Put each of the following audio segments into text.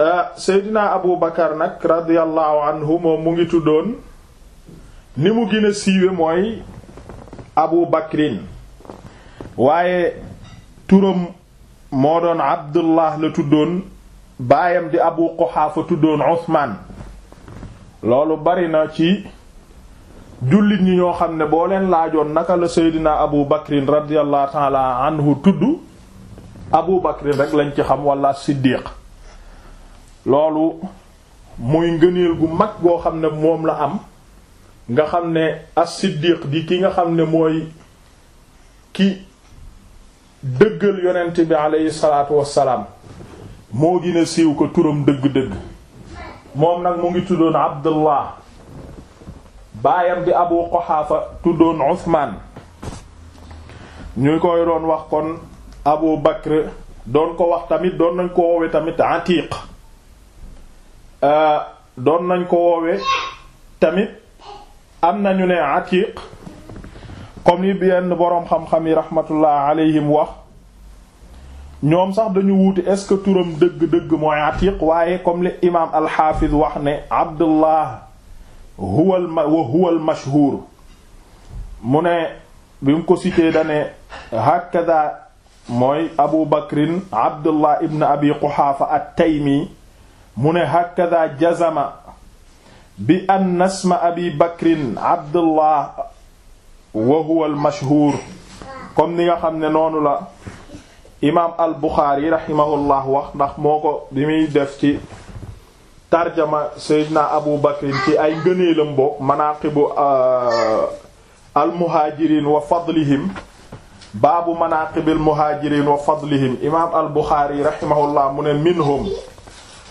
Euh, seydina abu bakar nag radiallahu anhu moom mu ngi tuddoon ni mu gën a siiwe mooy abu bakrin waaye turam moo doon abdullah la tuddoon baayam di abu quxaafa tuddoon usmaan loolu bari na ci jullit ñi ñoo xam ne boo leen laajoon naka la seydina abu bakrin radiallahu taala anhu tudd abu bakrin rek lañ ci xam wala siddiq loolu muy ngëneel gu mag goo xam ne moom la am nga xam ne as-siddiq di ki nga xam ne mooy ki dëggal yonent bi aleyhi salaatu wassalaam moo gën a siiw ko turam dëgg-dëgg moom nag mu ngi tuddoon abdullah baayam di abu quxaafa tuddoon usmaan ñu koy doon wax kon abu bakr doon ko wax tamit doon nañ ko woowe tamit atiq Euh, doon nañ ko woowee tamit am nañu ne atiq comme yi yenn boroom xam-xam yi rahmatullah alayhim wax ñoom sax dañu wuute est-ce que turam dëgg-dëgg mooy atiq waaye comme li imaam alxaafiz wax ne abdullah huwal wa huwal mu ne bi mu ko cité dane hakada mooy abu bakrin abdullah ibn abi quhaafa at-taymi mu ne hakada jazama bi an nasma abi bakrin abdullah wa huwa al mashhuur comme ni nga xam ne noonu la imaam al buxaari rahimahullah wax ndax moo ko li muy def ci tarjama seydina abu bakrin ci ay ngëneelam boog manaaqibu euh, al muhaajiriin wa fadlihim baabu manaaqibil muhaajiriin wa fadlihim imaam al buxaari rahimahullah mu ne minhum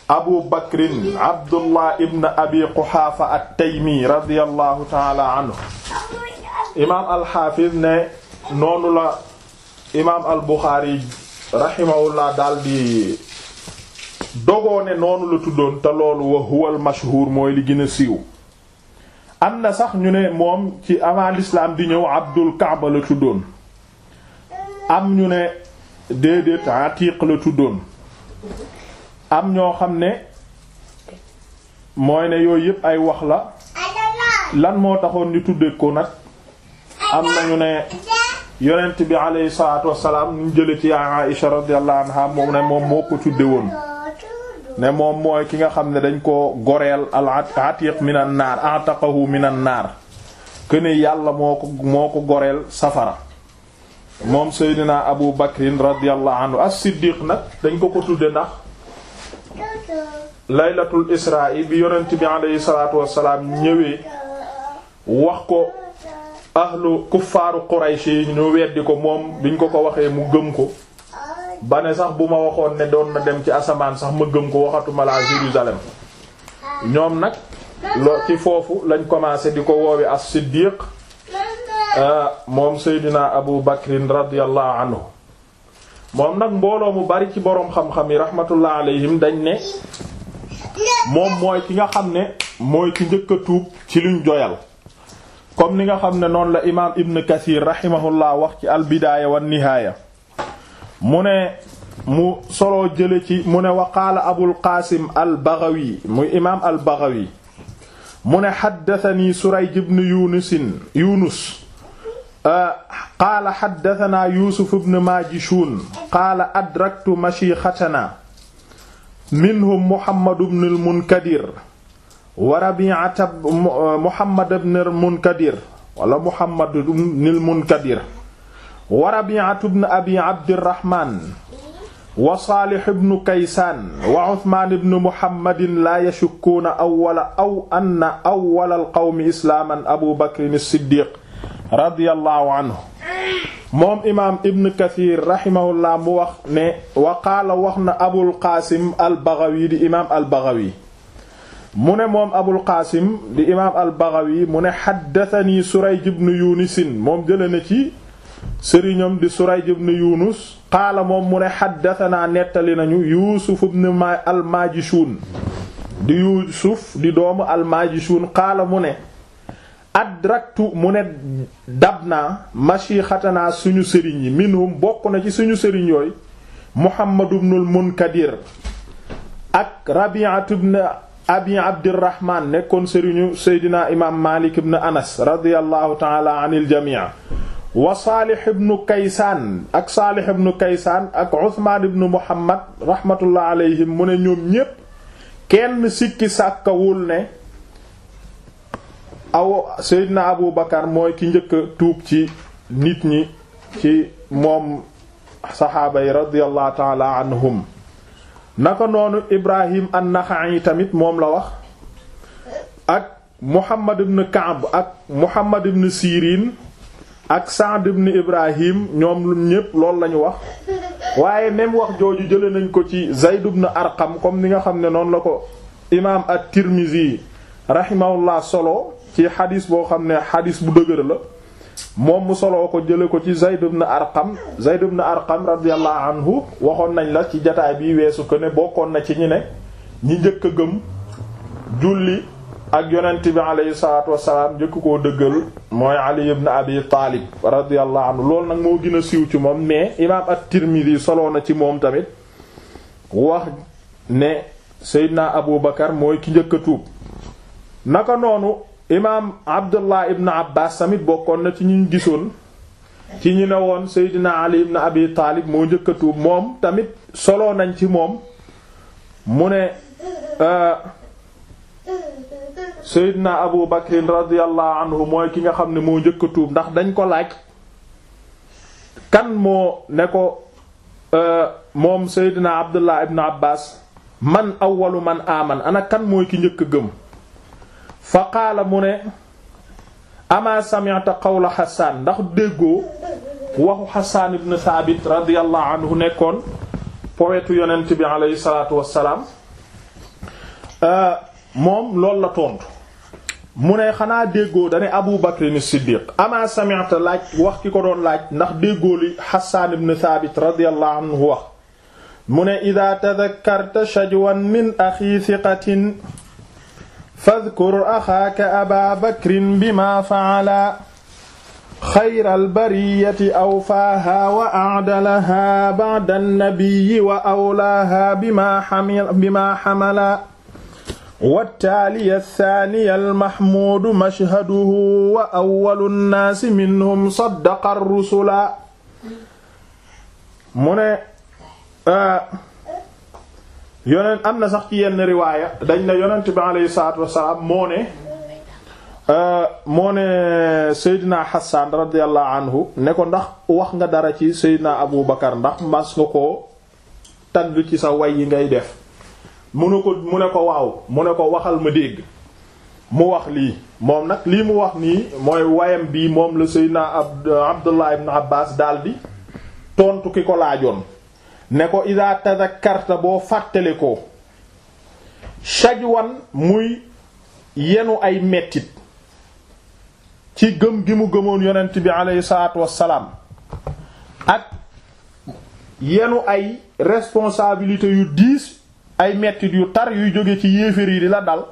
abu bakrin abdullah ibn abi quhaafa at-taymi radiyallahu taala anhu imaam alxaafiz ne noonu la imaam al buxaari rahimahullah daal dogoo ne noonu la tuddoon te loolu wa huwa al mashhuur mooy li gën siiw am na sax ñu ne moom ci avant l'islam di ñëw abdul kaaba la tuddoon am ñu ne déedéet atiq la tuddoon am ñoo xam ne mooy ne yooyu yëpp ay wax la lan moo taxoon ñu tudde ko nag am nañu ne yonent bi alayhi salaatu wassalaam ñu jële ci Aisha radiyallahu anha moom ne moom moo ko tudde woon ne moom mooy ki nga xam ne dañ ko goreel al atiq minan naar ataqahu minan naar këne yàlla moo ko moo goreel safara moom seydina abu bakrin radiyallahu anhu as-siddiq nag dañ ko ko tudde ndax laylatul isra'i bi yonent bi alayhi salaatu wassalaam ñëwee wax ko ahlu kuffaaru Quraysh yi ñu weddi ko moom biñ ko ko waxee mu gëm ko bane sax bu ma waxoon ne doon ma dem ci asamaan sax ma gëm ko waxatuma laa Jérusalem ñoom nag loo ci foofu lañ commencé di ko woowe as-Siddiq euh, moom Seydina Abu Bakrin radiyallahu anhu moom nag mbooloo mu bari ci boroom xam-xam yi rahmatullah alayhim dañ ne moom mooy ki nga xam ne mooy ki njëkk tuub ci luñ joyal comme ni nga xam ne noonu la imaam Ibn Kathir rahimahullah wax ci albidaaya wa nihaaya mu ne mu solo jële ci mu ne waqaala abul qaasim al-Baghawi muy imaam al-Baghawi mu ne xaddatani Surayj ibn yunusin yunus qaala xaddatanaa yuusuf ibn maajishuun qaala adraktu mashixatanaa minhum muhammad ibn al munkadir wa rabi'ata muhammad ibn al munkadir wala muhammad ibn al munkadir wa rabi'atu ibn abi abdirahman wa saalih ibn kaysaan wa uthmaan ibn muhammadin laa yashukkuuna awwala aw anna awwala al qawmi islaaman abu bakrin as-siddiq radiyallahu anhu moom imaam ibn kathir rahimahullah mu wax ne wa qaala wax na abul qaasim al baghawi di imaam al baghawi mu ne moom abul qaasim di imaam al baghawi mu ne xaddatani surayj ibn yuunisin moom jële na ci sëriñam di surayj ibn yunus qaala moom mu ne xaddatanaa nettali nañu yuusuf ibn ma al maajishun di yuusuf di doomu al maajishun qaala mu ne adraktu mu ne dab naa mashixatanaa suñu sëriñ yi minhum bokk na ci suñu sëriñ yooyu muhammad ibnul munkadir ak rabi'at ibn abi abdirahman nekkoon sëriñu seydina imam malik ibn anas radiallahu taala an il jamia wa saalih ibnu kaysaan ak saalih ibnu kaysaan ak uthman ibnu muhammad rahmatullah alayhim mu ne ñoom ñépp kenn sikki sàkkawul ne aw Seydina Abu Bakar mooy ki njëkk a tuub ci nit ñi ci moom saxaaba yi radiyallahu taala anhum naka noonu Ibrahim an-Naxa'i tamit moom la wax ak Muhammad ibn Ka'b ak Muhammad ibn Sirin ak Sa'd ibn Ibrahim ñoom ñépp loolu lañu wax waaye même wax jooju jële nañ ko ci Zayd ibn Arqam comme ni nga xam ne noonu la ko imaam at-Tirmizi rahimahullah solo ci xadis boo xam ne xadiis bu dëgër la moom mu soloo ko jële ko ci Zayd ibn Arqam Zayd ibn Arqam radiyallahu waxoon nañ la ci jataay bi weesu ko ne bokkoon na ci ñi ne ñi njëkk a gëm julli ak yonent bi alayhi salaatu wassalaam njëkk koo dëggal mooy Ali ibn Abi Taalib radiyallahu anhu loolu nag moo gën siiw ci moom mais imaam at-Tirmidhi soloo na ci moom tamit wax ne na Abu Bakar mooy ki njëkk tuub naka noonu imaam abdullah ibn abbas tamit bokkoon na ci ñu gisoon ci ñu ne woon seydina ali ibn abi taalib moo njëkk tuub moom tamit solo nañ ci moom mu ne euh, seydina abu bakrin radiallahu mooy ki nga xam ne moo njëkk tuub ndax dañ ko laaj kan moo ne ko euh, moom seydina abdullah ibn abbas man awwalu man aman ana kan mooy ki njëkk a gëm fa qaala mu ne ama sami'ta qawla xasaan ndax déggoo waxu xasaan ibn thabit radiallahu anhu nekkoon poète yonent bi aleyhi salatu wassalaam euh, moom loolu la tontu mu ne xanaa déggoo dane abu bakrin siddiq ama sami'ta laaj wax ki ko doon laaj ndax déggoo li xasaan ibn thabit radiallahu anhu wax mu ne ida tadakkarta shajwan min axi thiqatin fadkur axaaka aba bakrin bima fa'ala xayral bariyati awfaaha wa a'dalaha ba'da nabiyyi wa awlaaha bima hamil bima hamala wattaaliya saaniya almahmuudu mashhaduhu wa awwalu nnaasi minhum saddaqa rusula mu ne yonent am na sax ci yenn riwaaya dañ ne yonent bi alayhi salaatu wassalaam moo ne euh, moo ne Seydina Hassan radiyallahu anhu ne ko ndax wax nga dara ci Seydina Abu Bakar ndax mas nga ko tagg ci sa way yi ngay def mu ne ko mu ne ko waaw mu ne ko waxal ma dégg mu wax lii moom nag lii mu wax nii mooy wayam bii moom la Seydina Abdullah ibn Abbas daldi tontu ki ko laajoon ne ko iza karta boo fàttale ko wan muy yenu ay mettit ci gëm gi mu gëmoon yonent bi aleyhi salaatu wassalaam ak yenu ay responsabilité yu diis ay mettit yu tar yuy jóge ci yéeféer yi di la dal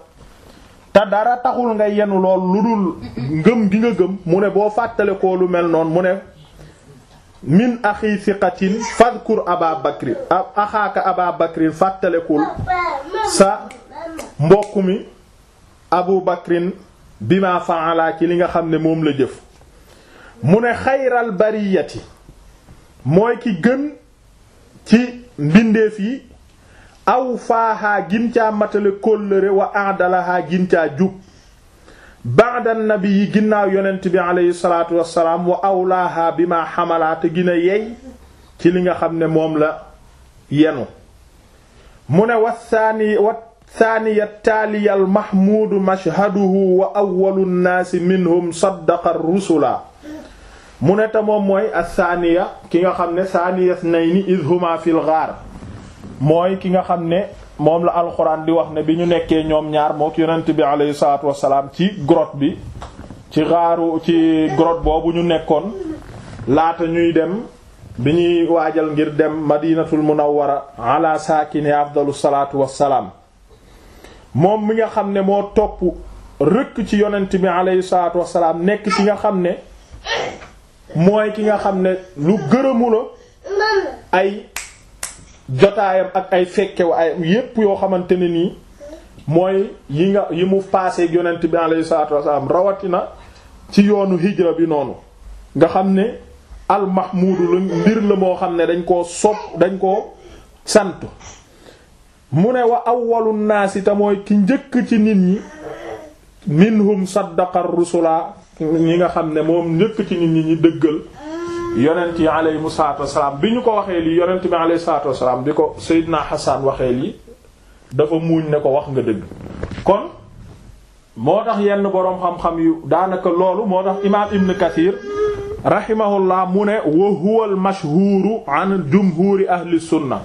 te dara taxul nga yenu lool lu dul ngëm gi nga gëm mu ne boo fàttale ko lu mel noonu mu ne min axi thiqatin fadkur aba bakrin axaaka aba bakrin fàttalekul sa mbokk mi abu bakrin bima fa'ala ci li nga xam ne moom la jëf mu ne xayral bariyati mooy ki gën ci mbindeef yi aw faahaa gin caa matale kóllëre wa aadalahaa gin caa jub ba'da nabi yi ginnaaw yonent bi aleyhi salaatu wassalaam wa awlaaha bi ma xamalaa te gina yey ci li nga xam ne moom la yenu mu ne wasaani wa saaniya taaliyal mahmuudu mashhaduhu wa awwalu nnaasi minhum saddaqa rusula mu ne te moom mooy asaaniya ki nga xam ne saaniya nay ni idhuma ghaar mooy ki nga xam ne moom la alxuraan di wax ne bi ñu nekkee ñoom ñaar mook yonent bi alayhi salaatu wassalaam ci grotte bi ci xaaru ci grotte boobu ñu nekkoon laata ñuy dem bi ñuy waajal ngir dem madinatul munawwara ala saakini afdalu salaatu wassalaam moom mi nga xam ne moo topp rëkk ci yonent bi alayhi salaatu wassalaam nekk ci nga xam ne mooy ki nga xam ne lu gërëmu la ay jotaayam ak ay fekke wa ay yépp yoo xamante ne nii mooy yi nga yi mu paase yonent bi alayhi salaatu wasalaam rawatina ci yoonu hijra bi noonu nga xam ne almahmudu la mbir la moo xam ne dañ koo sopp dañ koo sant mu ne wa awwalu naasi te mooy ki njëkk ci nit ñi minhum saddaqa rusula ñi nga xam ne moom njëkk ci nit ñi ñi dëggal yonent yi aleyhimu salaatu wasalaam bi ñu ko waxee lii yonent bi aleyhi salaatu wasalaam bi ko Seydina Hassan waxee lii dafa muuñ ne ko wax nga dëgg kon moo tax yenn boroom xam-xam yu daanaka loolu moo tax imaam Ibn Kathir rahimahullah mu ne wa huwa al mashhuuru an jumhuuri ahli sunna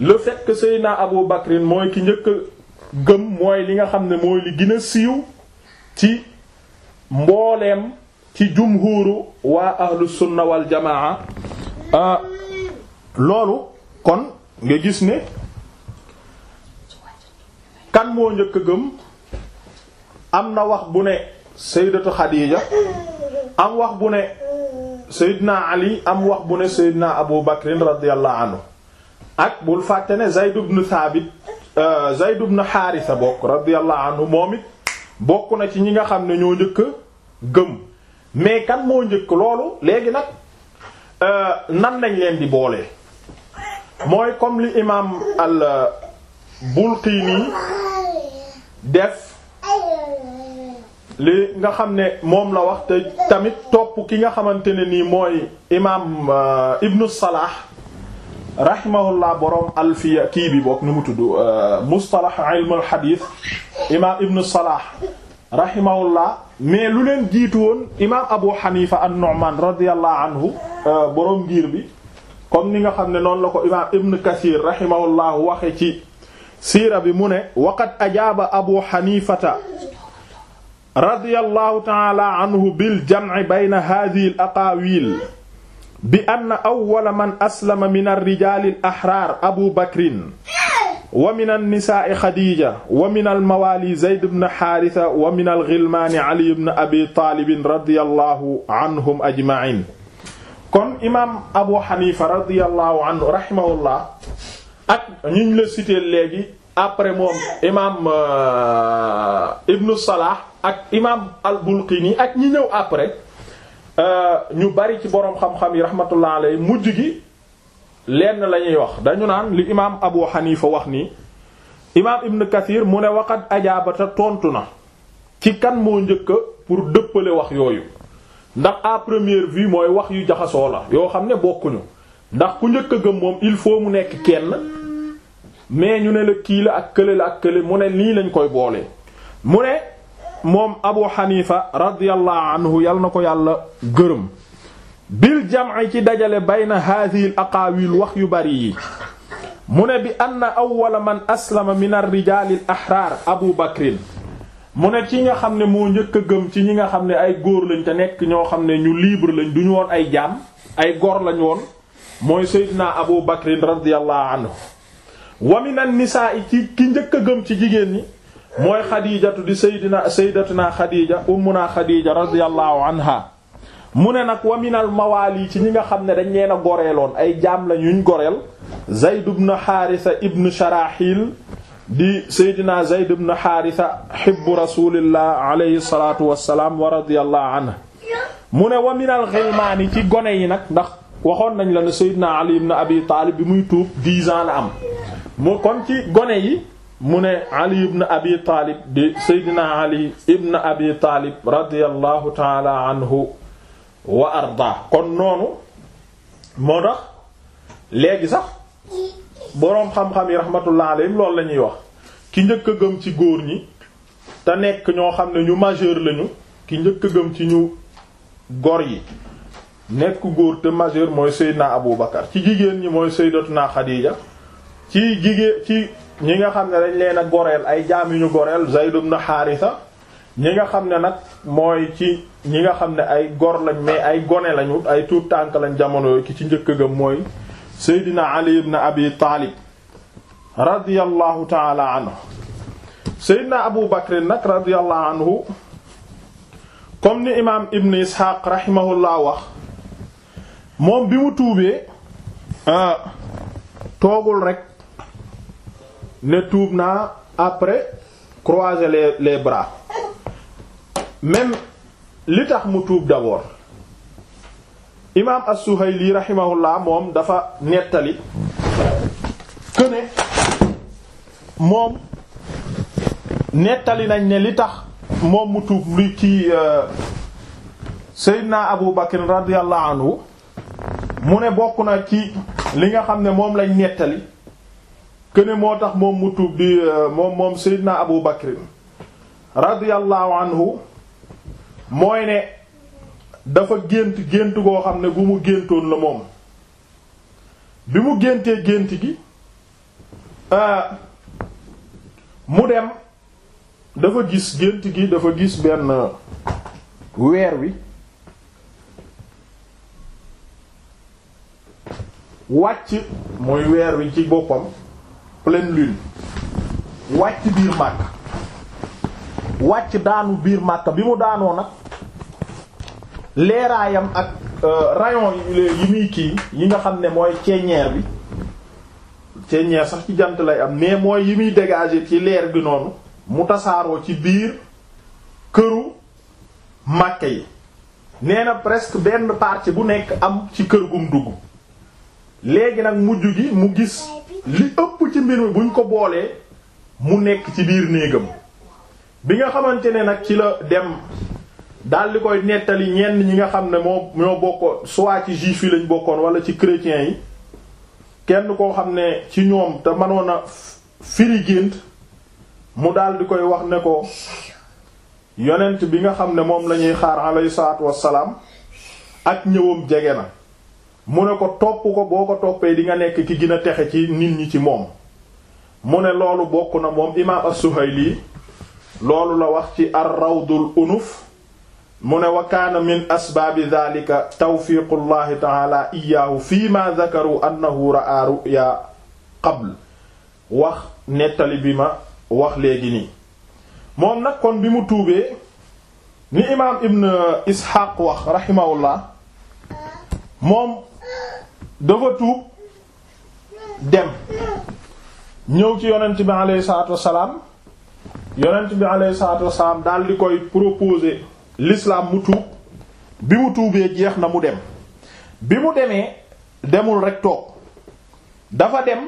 le fait que Seydina Abu Bakrin mooy ki njëkk gëm mooy li nga xam ne mooy li gën a siiw ci mbooleem ci jumhuuru waa ahlu sunna wal ah, loolu kon nga gis ni kan moo njëkk gëm am na wax bu ne sayyidatu Xadiija am wax bu ne sayyidna Ali am wax bu ne sayyidna Abu Bakrin radiyallahu anhu ak bul fàtte ne Zayd ibn Thabit euh, Zayd ibn Haarisa bokk radiyallahu anhu moom it bokk na ci ñi nga xam ne ñoo njëkk gëm mais kan moo njëkk loolu léegi nag euh, nan lañ leen di boole mooy comme li imaam al euh, Bulqini def li nga xam ne moom la wax te tamit topp ki nga xamante ne nii mooy imaam euh, Ibn Salah rahimahullah borom alfiya kii bi boog nu mu tudd mustalah ilm al hadith imaam Ibn Salah rahimahullah mais lu leen jiitu woon imaam Abu Hanifa an-Nu'man radiyallahu anhu euh, borom ngir bi comme ni nga xam ne noonu la ko imaam Ibn Kathir rahimahullah waxe ci siira bi mu ne waqad ajaaba Abu Hanifata radiyallahu ta'ala anhu bil jam'i bayna hadhihi al-aqawil bi anna awwala man aslama min ar-rijal al-ahrar Abu Bakrin wa min alnisaai xadija wa min almawaali zayd bn xaarisa wa min algilmaani ali bn abi taalibin radiallahu anhum ajmain kon imaam abu xanifa radiallahu anhu rahimahullah ak ñuñ la cité léegi après moom imaam euh, ibnu salah ak imaam albulqini ak ñi ñëw après euh, ñu bari ci boroom xam-xam yi rahmatullah aley mujj gi lenn lañuy wax dañu naan li imaam Abu Hanifa wax nii imaam Ibn Kathir mu ne waqat ajaabata tontu na ci kan moo njëkk pour dëppale wax yooyu ndax à première vue mooy wax yu jaxasoo la yoo xam ne bokkuñu ndax ku njëkk gëm moom il faut mu nekk kenn mais ñu ne la kii la ak kële la ak kële mu ne nii lañu koy boole mu ne moom Abu Hanifa radiyallahu anhu yal na ko yàlla gërëm. bil jam'i ci dajale bayna hadhihi al aqaawil wax yu bari yi mu ne bi anna awwala man aslama min ar-rijaal ahraar abu bakrin mu ne ci nga xam ne moo njëkk a gëm ci ñi nga xam ne ay góor lañ te nekk ñoo xam ne ñu liibre lañ duñu woon ay jaam ay góor lañ woon mooy seydina abu bakrin radiyallahu anhu wa min an-nisaa ci ki njëkk a gëm ci jigéen ñi mooy xadiijatu di seydina seydatuna xadiija ummunaa xadiija radiyallahu anha mu ne nag waminal mawaali ci ñi nga xam ne dañ leen a goreeloon ay jaam la yuñ goreel Zayd ibn Haarisa ibn Sharaxil di Seydina Zayd ibn Haarisa xibbu rasulillah alayhi salaatu wassalaam wa radiyallahu anhu mu ne waminal xilmaani ci gone yi nag ndax waxoon nañ la ne Seydina Ali ibn Abi Taalib bi muy tuub dix ans la am mu kon ci gone yi mu ne Ali ibn Abi Taalib di Seydina Ali ibn Abi Taalib radiyallahu taala anhu wa arda kon noonu moo tax léegi sax boroom xam-xam yi rahmatullah alayhim loolu la ñuy wax ki njëkk a gëm ci góor ñi te nekk ñoo xam ne ñu majeur lañu ki njëkk a gëm ci ñu gor yi nekk góor te majeur mooy Seydina Abu Bakar ci jigéen ñi mooy Seydatuna Xadiija ci jigéen ci ñi nga xam ne dañ leen a goreel ay jaam yu ñu goreel Zayd ibn Haarisa ñi nga xam ne nag mooy ci ñi nga xam ne ay gor lañ mais ay gone lañu ay tuut tànk lañ jamono ki ci njëkk ga mooy Seydina Ali ibn Abi Taalib radiyallahu taala anhu Seydina Abu Bakr nag radiyallahu anhu comme ni imaam Ibn Ishaq laa wax moom bi mu tuubee ah, toogul rek ne tuub naa après croiser les les bras même li tax mu tuub d'abord imaam as-Suhayli rahimahullah moom dafa nettali que moom nettali nañ ne li tax moom mu tuub li ci euh, Seydina Abu Bakr radiyallahu anhu mu ne bokk na ci li nga xam ne moom lañ nettali que ne moo tax moom mu tuub di euh, moom moom Seydina Abu Bakr radiyallahu anhu mooy ne dafa gént gént goo xam ne gu mu géntoon la moom bi mu géntee gént gi euh, mu dem dafa gis gént gi dafa gis benn weer wi wàcc mooy weer wi ci boppam pleine lune wàcc biir Makka wàcc daanu biir Makka bi mu daanoo nag leeraayam ak euh, rayon yi muy kii yi nga xam ne mooy ceeñeer bi ceeñeer sax ci jant lay am mais mooy yi muy dégager ci leer bi noonu mu tasaaroo ci biir këru màkke yi nee na presque benn partie bu nekk am ci kër gum dugg léegi nag mujj gi mu gis li ëpp ci mbir mi buñ ko boolee mu nekk ci biir néegam bi nga xamante ne nag ci la dem daal di koy nettali ñenn ñi nga xam ne moom ñoo bokkoon soit ci juif yi lañ bokkoon wala ci chrétiens yi kenn koo xam ne ci ñoom te mënoon a firi gént mu daal di koy wax ne ko yonent bi nga xam ne moom la ñuy xaar alayhi salaatu wassalaam ak ñëwam jege na mu ne ko topp ko boo ko toppee di nga nekk ki gën texe ci nit ñi ci moom mu ne loolu bokk na moom imaam as-Suhayli loolu la wax ci ar-Rawdul Unuf mu ne wa kaana min asbaabi dhalika tawfiiqu llahi taala iyaahu fii ma dhakaru ra'a ru'ya qabl wax nettali bi ma wax léegi nii moom nag kon bi mu tuubee ni imaam ibn isxaaq wax rahimahullah moom dafa tuub dem ñëw ci yonent bi aleyhi salaatu wassalaam yonent daal di koy proposer lislaam mu tuub bi mu tuubee jeex na mu dem bi mu demee demul rek toog dafa dem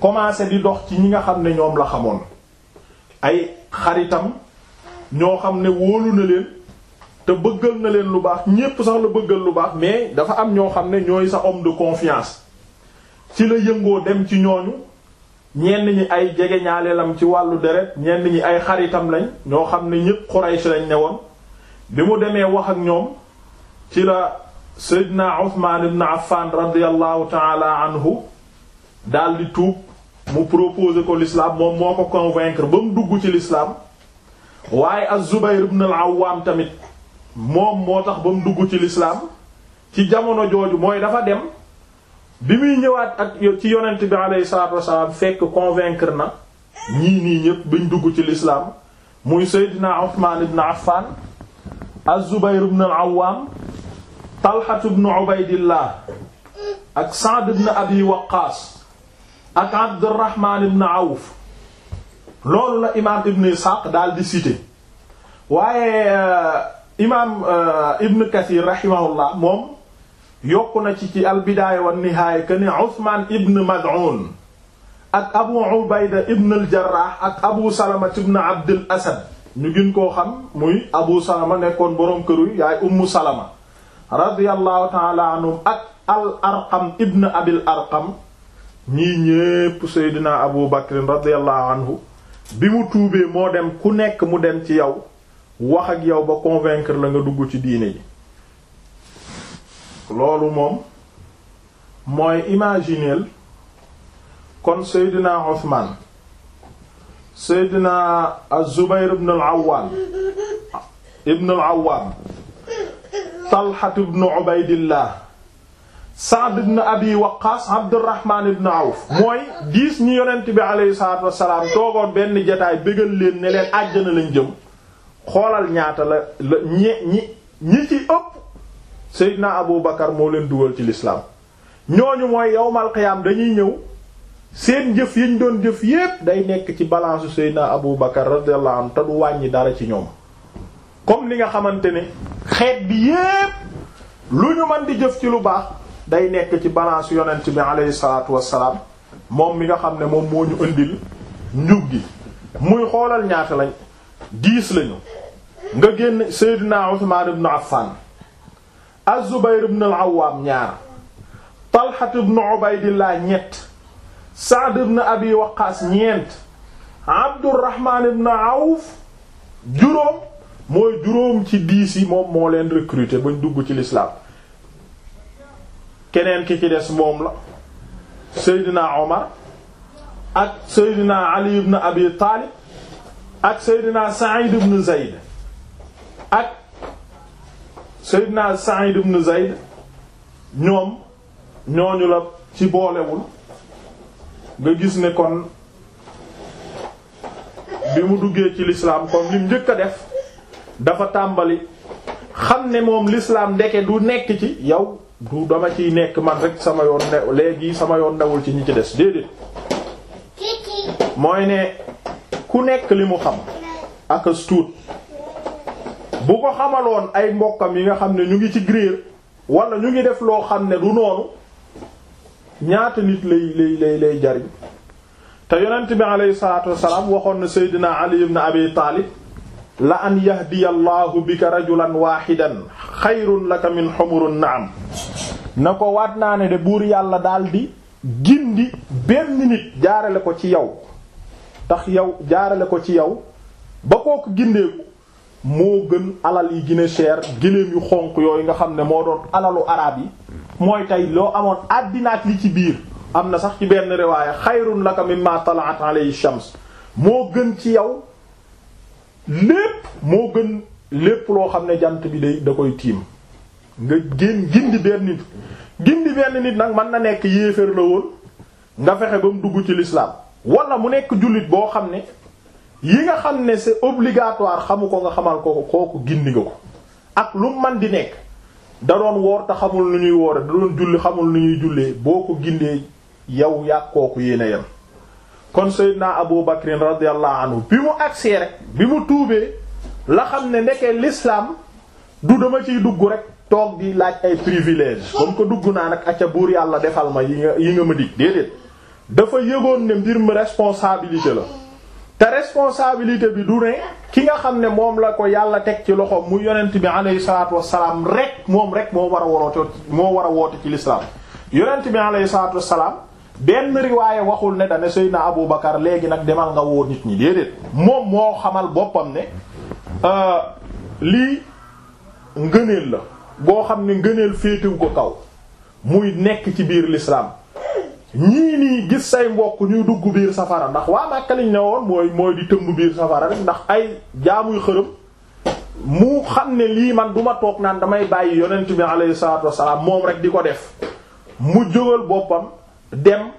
commencé di dox ci ñi nga xam ne ñoom la xamoon ay xaritam ñoo xam ne wóolu na leen te bëggal na leen lu baax ñépp sax la bëggal lu baax mais dafa am ñoo xam ne ñooy sa homme de confiance ci la yëngoo dem ci ñooñu ñenn ñi ay jege ñaaleelam ci wàllu deret ñenn ñi ay xaritam lañ ñoo xam ne ñépp Quraysh lañ ne woon bi mu demee wax ak ñoom ci la Seydina Usmaan ibn Affan radiyallahu taala anhu daldi tuub mu proposé ko l'islam moom moo ko convaincre ba mu dugg ci lislaam waaye az-Zubayr ibn al-Awwam tamit moom moo tax ba mu dugg ci lislaam ci jamono jooju mooy dafa dem bi muy ñëwaat ak ci yonent bi alayhi salaatu wasalaam fekk convaincre na ñii nii ñépp bañ dugg ci lislaam muy Seydina Usmaan ibn Affan az-Zubayr ibn al-Awwam Talha ibn Ubaydillah ak Sa'd ibn Abi Waqqas ak Abdurrahman ibn Awf loolu la imaam Ibn Ishaq daal di cité waaye euh, imaam euh, Ibn Kathir rahimahullah moom yokku na ci ci al-Bidaaya wa Nihaaya que ni Ousmane Ibn Mad'un ak Abu Ubayda Ibn al-Jarrah ak Abu Salama ibn Abd al-Asad ñu gën koo xam muy abu salama nekkoon boroom këru yaay ummu salama radiyallahu taala ak al arqam ibn abil arqam ñii ñépp seydina abu bakrin radiyallahu anhu bi mu tuubee moo dem ku nekk mu dem ci yow wax ak yow ba convaincre la nga dugg ci diine ji loolu moom mooy imagineel kon seydina Usmaan seydina az-Zubayr ibn al-Awwam ibn al Ubaydillah Sa'd ibn Abi Waqqas Abdurrahman ibn Awf mooy diis ñi yonent bi aleyhi salaatu wassalaam toogoon benn jataay bégal leen ne àjjana lañ jëm xoolal ñaata la la ñi ñi ci ëpp Seydina Abu Bakar moo leen dugal ci lislaam ñooñu mooy yawmal qiyaam dañuy ñëw seen jëf yañ doon jëf yépp day nekk ci balance Seydina Abu Bakar radiyallahu anhu te du wàññi dara ci ñoom comme li nga xamante ne xeet bi yépp lu ñu mën di jëf ci lu baax day nekk ci balance yonent bi alayhi salaatu wassalaam moom mi nga xam ne moom moo ñu indil njub gi muy xoolal ñaata lañ diis lañu nga génn Seydina Usmaan ibn Affan az-Zubayr ibn al-Awwaam ñaar Talha ibn ñett Saad ibn Abi Waqqaas ñeent Abdurrahman ibn Awf juróom mooy juróom ci diis yi moom moo leen recruter bañ dugg ci lislaam keneen ki ci des moom la Seydina Omar ak Seydina Ali ibn Abi ak Seydina Sa'id ibn Zayd ak Seydina Sa'id ibn Zayd ñoom ñooñu la ci boolewul nga gis ne kon bi mu duggee ci lislaam kon lim njëkk a def dafa tàmbali xam ne moom lislaam ndeke du nekk ci yow du dama ciy nekk man rekk sama yoon ne léegi sama yoon newul ci ñi ci des déedéet mooy ne ku nekk li mu xam ak as tuut bu ko xamaloon ay mbokkam yi nga xam ne ñu ngi ci grier wala ñu ngi def loo xam ne du noonu ñaata nit lay lay lay jariñ te yonent bi aleyhi salaatu wasalaam waxoon na seydina ali ibn abi taalib la an yahdiyallahu bika rajulan waaxidan xayrun laka min xumurun naam na ko waat naa ne de buur yàlla daldi gindi benn nit jaarale ko ci yow tax yow jaarale ko ci yow ba kooku gindeeku moo gën alal yi gën a cher yu xonq yooyu nga xam ne moo doon alalu araab yi mooy tey loo amoon àddinaak li ci biir am na sax ci benn riwaaya xayrun laka mimma tala'at alayhi shams moo gën ci yow lépp moo gën lépp loo xam ne jant bi day da koy tiim nga gén gindi benn nit gindi benn nit nag mën na nekk yéeféer la woon nga fexe ba mu dugg ci l'islam wala mu nekk jullit boo xam ne yi nga xam ne c'est obligatoire xamu ko nga xamal ko kooku gindi nga ko ak lu man di nekk da doon woor te xamul nu ñuy woore da doon julli xamul nu ñuy jullee boo ko gindee yow yàq kooku yéen a yem kon Seydina Abu Bakrin radiyallahu bi mu agsee rek bi mu tuubee la xam ne ndeke l'islam du dama ciy dugg rek toog di laaj ay privilèges comme ko dugg naa nag acca buur yàlla defal ma yi nga yi nga ma dig déedéet dafa yëgoon ne mbir mi responsabilité la te responsabilité bi du ne ki nga xam ne moom la ko yàlla teg ci loxo mu yonent bi alayhi salaatu wassalaam rek moom rek moo war a woote moo war a woote ci lislaam yonent bi alayhi salaatu wassalaam benn riwaaye waxul ne dane Seydina Abu Bakar léegi nag demal nga woo nit ñi déedéet moom moo xamal boppam ne euh, lii ngëneel la boo xam ne ngëneel féetewu ko kaw muy nekk ci biir lislaam ñii nii gis say mbokk ñuy dugg biir safara ndax waa Makka liñ ne woon mooy mooy di tëmb biir safara rek ndax ay jaamuy xërëm mu xam ne lii man du ma toog naan damay bàyyi yonent bi alayhi salaatu wassalaam moom rek di ko def mu jógal boppam dem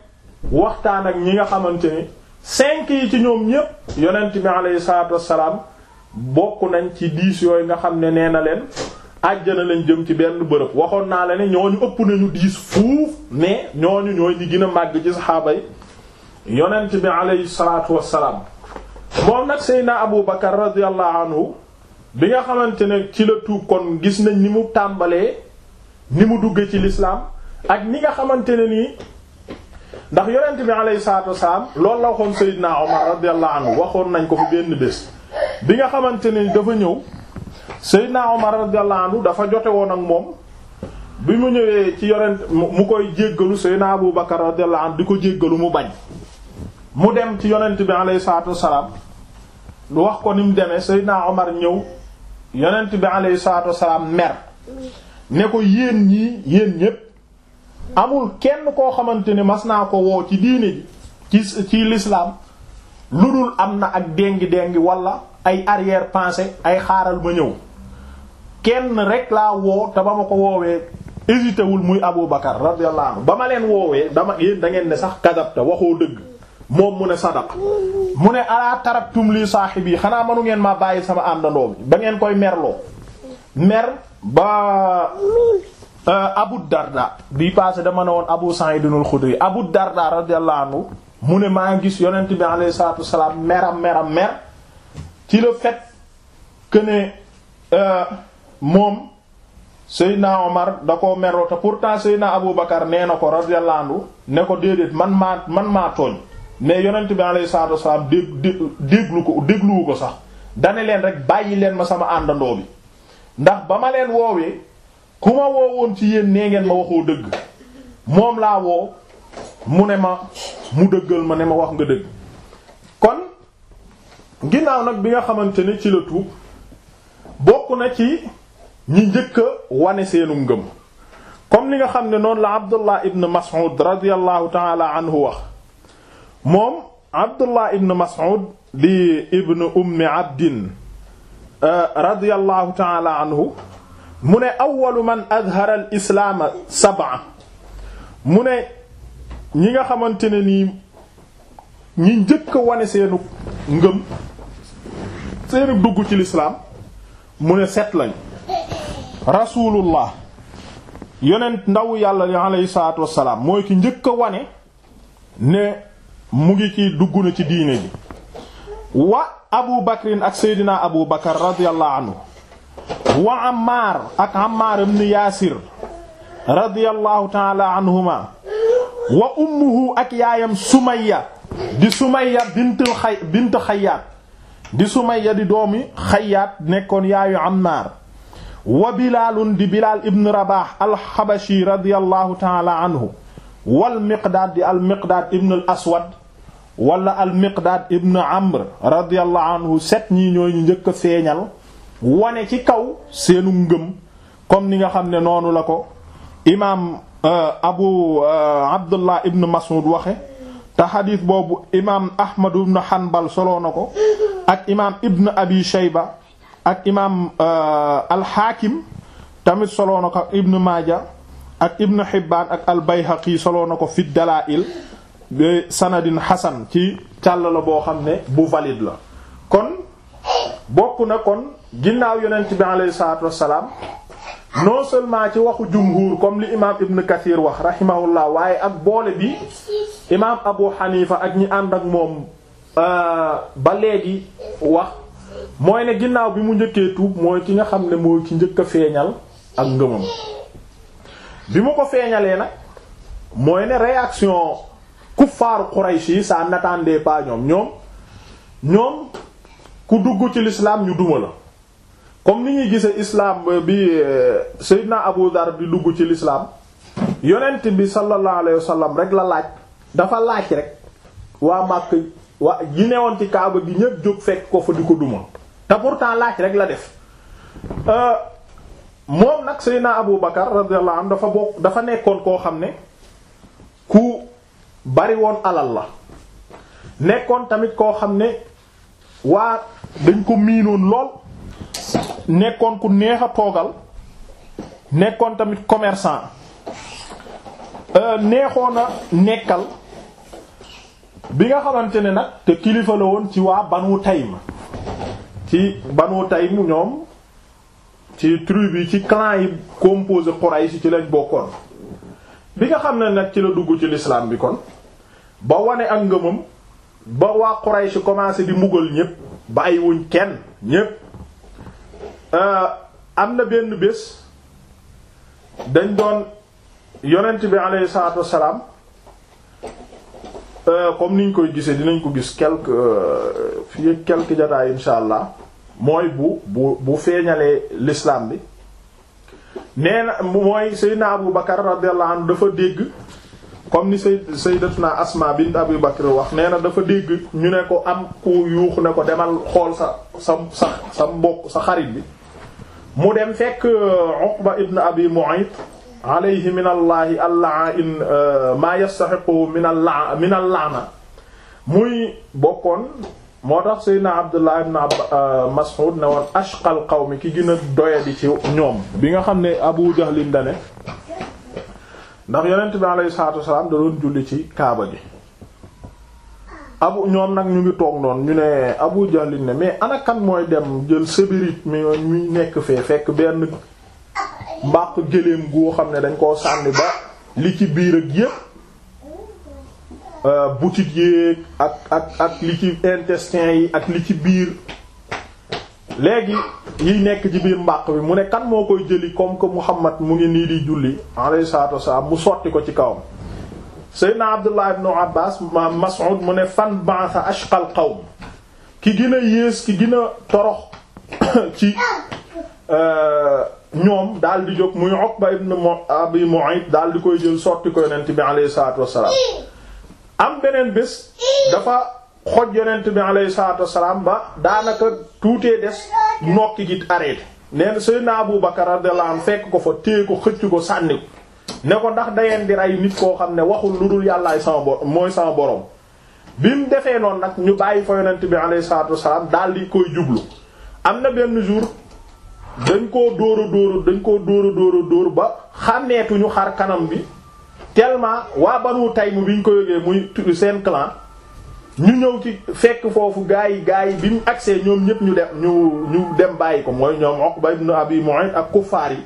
waxtaan ak ñi nga xamante ni cinq yi ci ñoom ñépp yonent bi alayhi salaatu wassalaam bokk nañ ci dix yooyu nga xam ne nee na leen àjjana lañ jëm ci benn bërëb waxoon naa la ne ñooñu ëpp nañu diis fuuf mais ñooñu ñooy ñi gën a màgg ci saxaaba yi yonent bi alayhi salaatu wassalaam moom nag Seydina Abu Bakar radiyallahu anhu bi nga xamante ne ci la tuub kon gis nañ ni mu tàmbalee ni mu duggee ci lislaam ak ni nga xamante ne nii ndax yonent bi alayhi salaatu wassalaam loolu la waxoon Seydina Omar radiyallahu anhu waxoon nañ ko fi benn bés bi nga xamante ne dafa ñëw Seydina Omar radiyallahu dafa jote woon ak moom bi mu ñëwee ci yonent mu koy jéggalu Seydina Abu Bakar radiyallahu di ko jéggalu mu bañ mu dem ci yonent bi alayhi salaatu wassalaam lu wax ko ni mu demee Seydina Omar ñëw yonent bi alayhi salaatu wassalaam mer ne ko yéen ñii yéen ñépp amul kenn koo xamante ne mas naa ko woo ci diine ji ci ci l'islam lu dul am na ak déngi déngi wala ay arrière pensée ay xaaral ma ñëw kenn rek laa woo te ba ma ko woowee hésité wul muy Abu Bakar radiyallahu anhu ba ma leen woowee dama yéen dangeen ngeen ne sax kadabta waxoo dëgg moom mu ne sadaq mu ne ala taraktum li saahibi xanaa mënu ngeen ma bàyyi sama àndandoo bi ba ngeen koy merloo mer ba euh, Abu Darda bi passé dama ne woon Abu Sa'id al-Khudri Abu Darda radiyallahu anhu mu ne maa gis yonent bi alayhi salaatu wa salaam meram meram mer ci la fet que ne euh, moom Seydina Omar da ko meroo te pourtant Seydina Abu Bakar nee na ko radiyallahu ne ko déedéet man maa man maa tooñ mais yonent bi alayhi salaatu wasalaam dég ko dégluwu ko sax dane leen rek bàyyi leen ma sama àndandoo bi ndax ba ma leen woowee ku ma woon ci yéen nee ngeen ma waxoo dëgg moom laa woo mu ne ma mu dëggal ma ne ma wax nga dëgg ginnaaw nag bi nga xamante ne ci la tuub bokk na ci ñi njëkk wane seenu ngëm comme li nga xam ne noonu la Abdullah ibn Mas'ud radiyallahu ta'ala anhu wax moom Abdullah ibn Mas'ud di ibn ummi abdin euh, radiyallahu ta'ala anhu mu ne awwalu man azhara al islaama sab'a mu ne ñi nga xamante nii ñi njëkka a wane seenu ngëm seenu dugg ci lislaam mu ne set lañ rasulullah yonent ndaw yàlla li alayhi salaatu wassalaam mooy ki njëkk wane ne mu ngi ci dugg na ci diine ji wa abu bakrin ak seydina abu bakar radiyallahu anhu wa ammaar ak ammaar ibn yaasir radiyallahu taala anhuma wa ummuhu ak yaayam sumayya di Sumayya bint xay di sumaya di doomi Xayyaat nekkoon yaayu Ammaar wa Bilaalun di Bilaal ibn Rabaah al-Habashi radiyallahu anhu wal Miqdaad di al Aswad wala al Miqdaad Amr radiyallahu anhu set ñii ñooy njëkk a feeñal wane ci kaw seenu ngëm comme ni nga xam ne noonu la ko imaam euh, Abu euh, Abdullah ibn Mas'ud waxe te xadiis boobu imaam Ahmad ibn Hanbal soloo na ko ak imaam Ibn Abi Shayba ak imaam euh, al tamit soloo na ko ak Ibn Maaja ak Ibn Hibbaan ak al-Bayhaqi soloo na ko fi Dalaa'il bi sanadin hasan ci càll la boo xam ne bu valide la kon bokk na kon ginnaaw yonent bi alayhi salaatu wassalaam non seulement ci waxu jumhur comme li imaam Ibn Kathir wax rahimahullah waaye ak boole bi imaam Abu Hanifa ak ñi ànd ak moom euh, ba léegi wax mooy ne ginnaaw bi mu njëkkee tuub mooy ki nga xam ne mooy ki njëkk a feeñal ak ngëmam bi mu ko feeñalee nag mooy ne réaction ku Quraysh yi ça n'attendait pas ñoom ñoom ku dugg ci lislaam ñu duma la. comme ni ñuy gisee islam bi euh, Seydina Abu Dar bi dugg ci lislaam yonent bi sallallahu alayhi wa rek la laaj dafa laaj rek waa màkk waa ji newoon ci kaaba gi ñépp jóg fekk ko fa di ko duma te pourtant laaj rek la def euh, moom nag Seydina Abu Bakar radiyallahu anhu dafa bokk dafa nekkoon koo xam ne ku bari woon alal la nekkoon tamit koo xam ne waa dañ ko miinoon lool nekkoon ku neex a toogal nekkoon tamit commerçant euh, neexoon a nekkal bi nga xamante ne nag te kilifa la woon ci waa Banu Taym ci Banu mu ñoom ci tribu yi ci clan yi composé Quraysh ci lañ bokkoon bi nga xam ne nag ci la dugg ci l'islam bi kon ba wane ak ngëmam ba waa Quraysh commencé di muggal ñépp bàyyiwuñ kenn ñépp Euh, am na benn bés dañ doon yonent bi aleyhi salaatu wassalaam euh, comme niñ koy gisee dinañ ko gis quelque euh, fii quelque jataay insha allah mooy bu bu bu feeñalee lislaam bi nee na mooy Seydina Abu Bakar radiyallahu anhu dafa dégg comme ni Seyd Sayyidatuna Asma bint Abi Bakr wax nee na dafa dégg ñu ne ko am ku yuux ne ko demal xool sa sa sa sa mbokk sa xarit bi mu dem fekk euh, Uqba ibn Abi Mu'ayt euh, ma yastahiqu min alla min al muy bokkoon moo tax Seydina Abdullah ibn euh, Mas'ud ne woon ashqal qawmi ki gën doyadi ci ñoom bi nga xam ne Abu Jahl dane ndax yonent bi alayhi salaatu wa salaam julli ci Kaaba gi abu ñoom nag ñu ngi toog noonu ñu ne abu jahlin ne mais ana kan mooy dem jël sébérite mi muy nekk fee fekk benn mbàq gëléem goo xam ne dañ koo sànni ba li ci biir ak yépp euh, butit yéeg ak ak li ci intestin yi ak li ci biir léegi yiy nekk ci biir mbàq bi mu ne kan moo koy jëli comme que mu ngi nii di julli alayhi salaatu wasalaam mu sotti ko ci kawam Seydina Abdullah ibn Abbas Mas'ud mu ne fan ba'atha ashqal qawm ki gën a yées ki gën torox ci euh, ñoom dal di jóg muy Uqba ibn Abi Mu'ayt daal di koy jël sotti ko yonent bi alayhi salaatu wassalaam am beneen bés dafa xoj yonent bi alayhi salaatu wassalaam ba daanaka tuutee des nokki gi arrêté nee na Abu Bakar radiyallahu anhu fekk ko fa téye ko xëcc ko sànni ne ko ndax dayeen di rey nit koo xam ne waxul lu dul yàllaay sama borom mooy sama borom bi mu defee noonu nag ñu bàyyi fa yonent bi alayhi salaatu wasalaam daal di koy jublu am na benn jour dañ koo dóor a dóor dañ koo dóor a dóor dóor ba xàmmeetuñu xar kanam bi tellement waa Banu Taym bi ñu ko yógee muy seen clan ñu ñëw ci fekk foofu gaa yi gaa yi bi mu agsee ñoom ñëpp ñu dem ñu ñu dem bàyyi ko mooy ñoom ba ibn Abi Mu'ayt ak kuffaar yi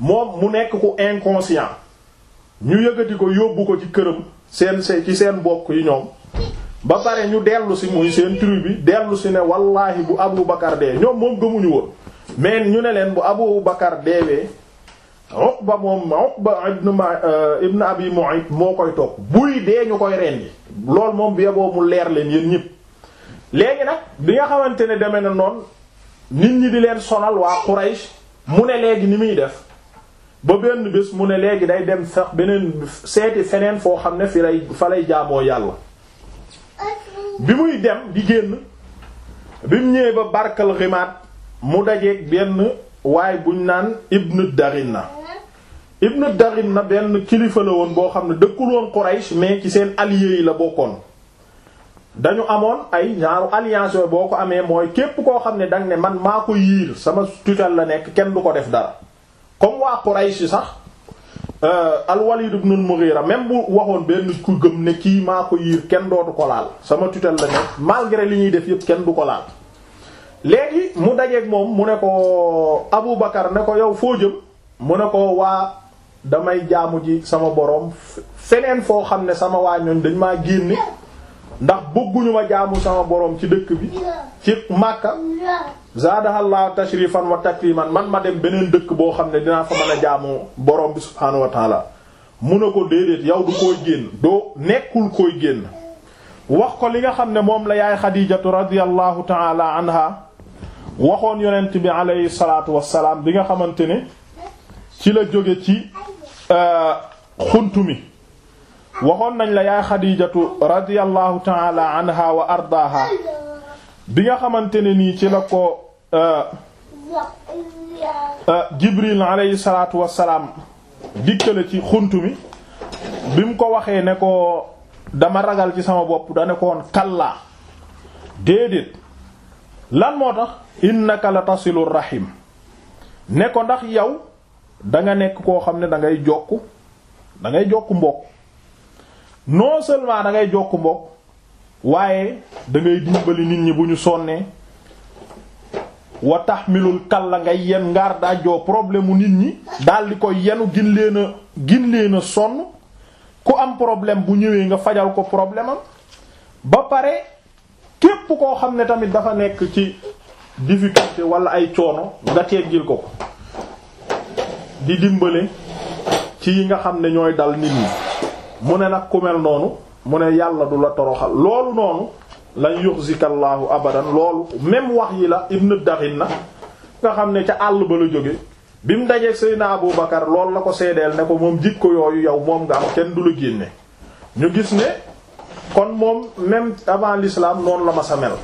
moom mu nekk ku inconscient ñu yëkkati ko yóbbu ko ci këram seen se ci seen bokk yi ñoom ba pare ñu dellu si muy seen tribu bi dellu si ne wallaahi bu Abu Bakar dee ñoom moom gëmuñu mais ñu ne leen bu Abu Bakar deewee Uqba moom Uqba ibn ma euh, ibn moo koy topp buy dee ñu koy rendi lool moom bi mu leer leen yéen ñëpp léegi nag bi nga xamante ne deme na noon nit ñi di leen sonal waa Quraysh mu ne léegi ni muy def ba benn bés mu ne léegi day dem sax beneen seeti feneen foo xam ne fi lay fa lay jaamoo yàlla bi muy dem di génn bi ñëwee ba barkal rimaat mu dajeeg benn waaye buñ naan ibnu darina ibnu na benn kilifa la woon boo xam ne dëkkuloon woon Quraysh mais ci seen alliés yi la bokkoon dañu amoon ay ñaaru alliance boo ko amee mooy képp koo xam ne danga ne man maa ko yiir sama tutelle la nekk kenn du ko def dara waa Quraysh sax euh, al-Walid ibn al-Mughira même bu waxoon benn ku gëm ne kii maa ko yiir kenn dootu ko laal sama tutelle la nekk malgré li ñuy def yëpp kenn du ko laal léegi mu dajeeg moom mu ne ko Abu Bakar ne ko yow foo jëm mu ne ko waa damay jaamu ji sama boroom feneen foo xam ne sama waa ñooñ dañ maa génne ndax bëgguñu ma jaamu sama borom ci dëkk bi ci Makka zaadahallahu tashrifan wa takriman man ma dem beneen dëkk boo xam ne dinaa fa mën a jaamu borom bi subhaanahu wa mun na ko déedéet yow du koy génn doo nekkul koy génn wax ko li nga xam ne moom la yaay xadijatu radiyallahu taala anha waxoon yonent bi alayhi salaatu salaam bi nga xamante ne ci la jóge ci euh, xuntu mi waxoon nañ la yaay xadijatu radiyallahu taala wa ardaaha bi nga xamante ne nii ci la ko uh, uh, jibril alayhi salaatu wassalaam dikkale ci xunt mi bi mu ko waxee ne ko dama ragal ci sama bopp da ne ko woon kallaa déedéet lan moo tax innaka la tasilu rahim ne ko ndax yow danga nekk koo xam ne dangay jokk da jokk mbokk noo seulement dangay ngay jokk mbokk waaye dangay dimbali nit ñi bu ñu sonnee wa tax kalla ngay yen ngaar daa joo problème mu nit ñi daal ko koy yenu gin leen sonn ku am problème bu ñëwee nga fajal ko problème am ba pare képp koo xam ne tamit dafa nekk ci difficulté wala ay coono nga teggil ko ko di dimbale ci yi nga xam ne ñooy dal nit ñi mu ne nag ku mel noonu mu ne yàlla du la toroxal loolu noonu lan yuxzika allahu abadan loolu même wax yi la ibnu daxin na nga xam ne ca àll ba la jóge bi mu dajeeg Seydina Abu Bakar lool la ko seedeel ne ko moom jikko yooyu yow moom nga am kenn du la génne ñu gis ne kon moom même avant l'islam noonu la ma sa mel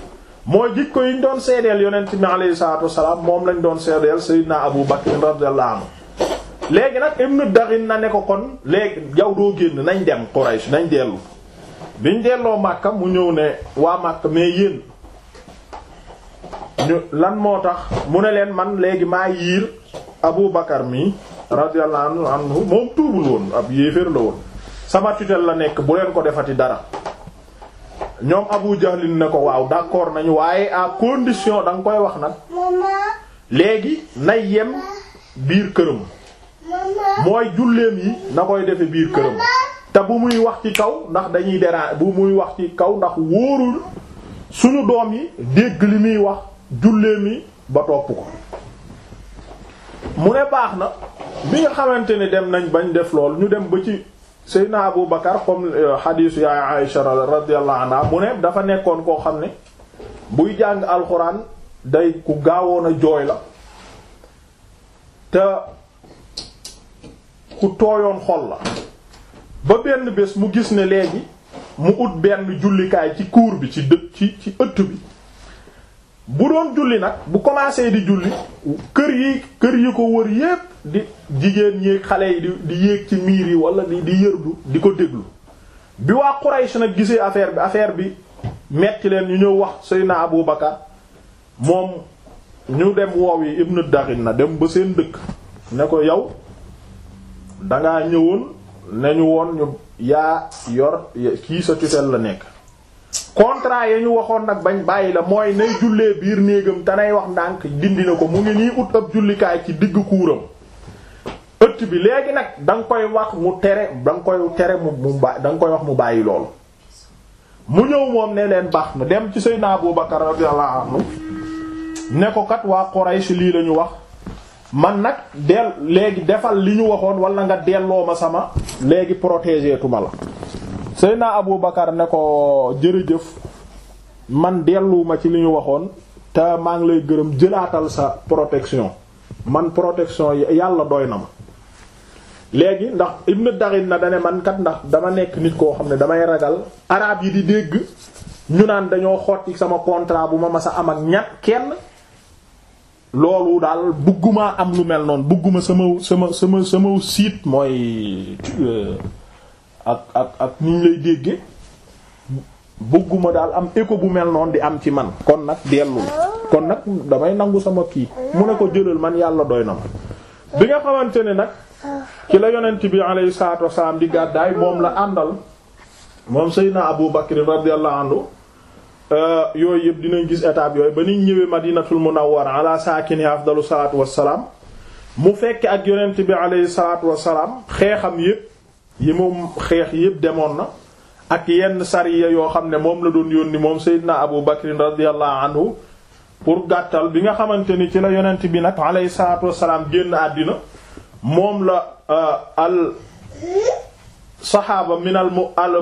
mooy jikko yi ñu doon seedeel yonent bi alayhi salaatu wasalaam moom lañ doon seedeel Seydina Abu Bakar radiyallahu anhu léegi nag Ibn na ne ko kon léegi yow doo génn nañ dem Quraysh nañ dellu biñ delloo Makka mu ñëw ne waa màkk mais yéen lan moo tax mu ne leen man léegi maa yiir Abu Bakar mi radiyallahu anhu moom tuubul woon ab yéeféer la woon sama tutelle la nekk bu leen ko defati dara ñoom Abu Jahlin ne ko waaw d'accord nañu waaye à condition da koy wax nag léegi nay yem biir këram mooy julleem yi na koy defe biir këram te bu muy wax ci kaw ndax dañuy déranger bu muy wax ci kaw ndax wóorul suñu doom yi dégg li muy wax julleem yi ba topp ko mu ne baax na bi nga xamante ne dem nañ bañ def lool ñu dem ba ci Seydina Abu Bakar comme xadiisu euh, yaay Aïsha radiyallahu anha mu ne dafa nekkoon koo xam ne buy jàng alxuraan day ku gaawoon a jooy la te ku tooyoon xol la ba benn bés mu gis ne léegi mu ut benn jullikaay ci kuur bi ci dë ci ci ëtt bi bu doon julli nag bu commencé di julli kër yi kër yi ko wër yépp di jigéen yéeg xale yi di yéeg ci miir yi wala di di di ko déglu bi waa Quraysh nag gisee affaire bi affaire bi metti leen ñu ñëw wax Seydina Abu Bakar moom ñu dem woow yi Ibnu Daxin na dem ba seen dëkk ne ko yow dangaa ñëwoon nañu woon ñu yaa yor kii sa tutelle la nekk contrat ya waxoon nag bañ bàyyi la mooy nay jullee biir néegam te nay wax ndànk dindi na ko mu ngi nii ut ab jullikaay ci diggu kuuram ëtt bi léegi nag da nga koy wax mu tere da koy tere mu mu ba da koy wax mu bàyyi loolu mu ñëw moom ne leen baax na dem ci Seydina Abubakar radiyallahu anhu ne ko kat waa si lii lañu wax man nag del léegi defal li ñu waxoon wala nga delloo ma sama léegi protégé tuma la Seydina Abu Bakar ne ko jërëjëf man delluwuma ci li ñu waxoon te maa ngi lay gërëm jëlaatal sa protection man protection yàlla doy na ma léegi ndax Ibnu daxit na dane man kat ndax dama nekk nit koo xam ne damay ragal arab yi di dégg ñu naan dañoo xotti sama contrat bu ma masa am ak ñat kenn loolu daal bëgguma am lu mel noonu bugguma sama sama sama sama siit mooy euh, ak ak ak ni lay dégge bëgguma daal am écho bu mel noonu di am ci man kon nag dellul kon nag damay nangu sama kii mu ne ko jëlal man yàlla doy na ma bi nga xamante ne nag ci la yonent bi alayhi salaatu wasalaam di gàddaay moom la àndal moom Seydina Abu Bakr radiyallahu anhu Euh, yooyu yëpp dinañ gis étape yooyu ba niñ ñëwee madinatul munawwara ala saakini afdalu salaatu wassalaam mu fekk ak yonent bi aleyhi salaatu wassalaam xeexam yëpp yi moom xeex yëpp demoon na ak yenn sariya yoo xam ne moom la doon yónni moom Seydina Abu Bakr radiyallahu anhu pour gàttal bi nga xamante ni ci la yonent bi nag aleyhi salaatu wassalaam génn àddina moom la euh, al saxaaba min al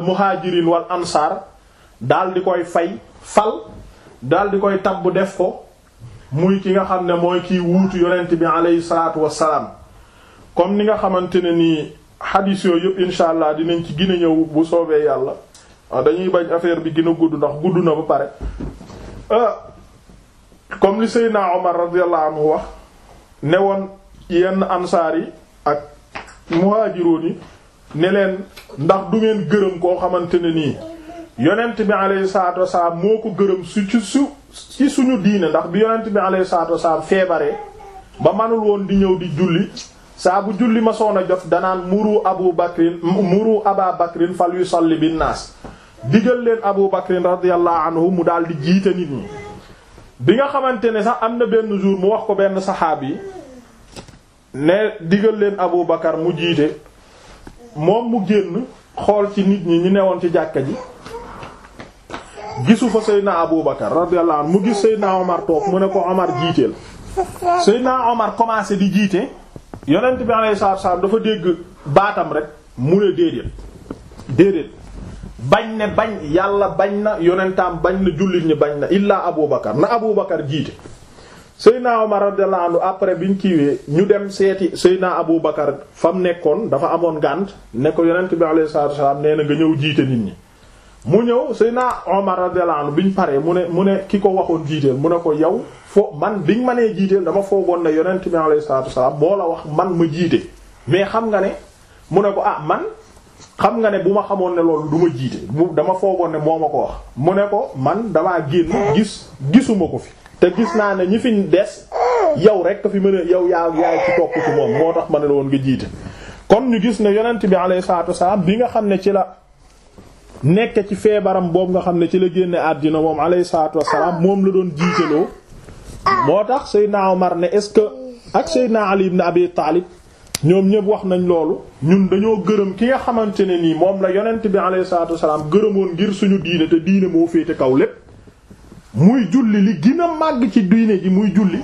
muhaajiriin wal ansaar daal di koy fay fal daal di koy tabb def ko muy ki nga xam ne mooy kiy wuutu yonent bi aleyhi salaatu wassalaam comme ni nga xamante ne nii xadiis yooyu yëpp incha allah dinañ ci gën a ñëw bu soobee yàlla ah, dañuy bañ affaire bi gën a gudd ndax gudd na ba pare ah, comme li Seydina Omar radiyallahu wax ne woon yenn ansaar yi ak muhaajiroon yi ne leen ndax du ngeen gërëm koo xamante ne nii yonent bi alayhi salaatu wasalaam moo ko gërëm su ci su ci suñu diine ndax bi yonent bi alayhi salaatu wasalaam feebaree ba manul woon di ñëw di julli saabu bu julli ma soon a jot danaan muru abu bakrin muru aba bakrin fal yu salli bin naas digal leen abu bakrin radiyallahu anhu mu daal di jiite nit ñi bi nga xamante ne sax am na benn jour mu wax ko benn saxaab yi ne digal leen abu bakar mu jiite moom mu génn xool ci nit ñi ñu newoon ci jàkka ji gisu fa Seydina Aboubacar radiyallahu anhu mu gis seyna Omar toog mu ne ko Omar jiiteel Seydina Omar commencé di jiite yonent bi alayhi salaatu salaam dafa dégg baatam rek mu ne déedéet déedéet bañ ne bañ yàlla bañ na yonentam bañ na jullit ñi bañ na illaa Aboubacar na Aboubacar jiite. Seydina Omar radiyallahu anhu après bi ñu kiiwee ñu dem seeti Seydina Aboubacar fa mu nekkoon dafa amoon gànt ne ko yonent bi alayhi salaatu salaam nee na nga ñëw jiite nit ñi. mu ñëw Seydina Omar radiyallahu anhu bi ñu paree mu ne mu ne ki ko waxoon jiiteel mu ne ko yow foo man bi ñu mënee jiiteel dama foogoon ne yonent bi alayhi salaatu wasalaam moo la wax man ma jiite mais xam nga ne mu ne ko ah man xam nga ne bu ma xamoon ne loolu du ma jiite bu dama foogoon ne moo ma ko wax mu ne ko man damaa génn gis gisuma ko fi te gis naa ne ñi fi des yow rekk fi mën ne yow yaa yaay ci topp ci moom moo tax ma ne la woon nga jiite kon ñu gis ne yonent bi alayhi salaatu wasalaam bi nga xam ne ci la nekk ci feebaram boobu nga xam ne ci la génne àddina moom alayhi salaatu wassalaam moom la doon jiiteloo moo tax Seydina Omar ne est-ce que ak Seydina Ali ibn Abi Taalib ñoom ñëpp wax nañ loolu ñun dañoo gërëm ki nga xamante ne nii moom la yonent bi alayhi salaatu wassalaam gërëmoon ngir suñu diine te diine moo féete kaw lépp muy julli li gën màgg ci diine ji muy julli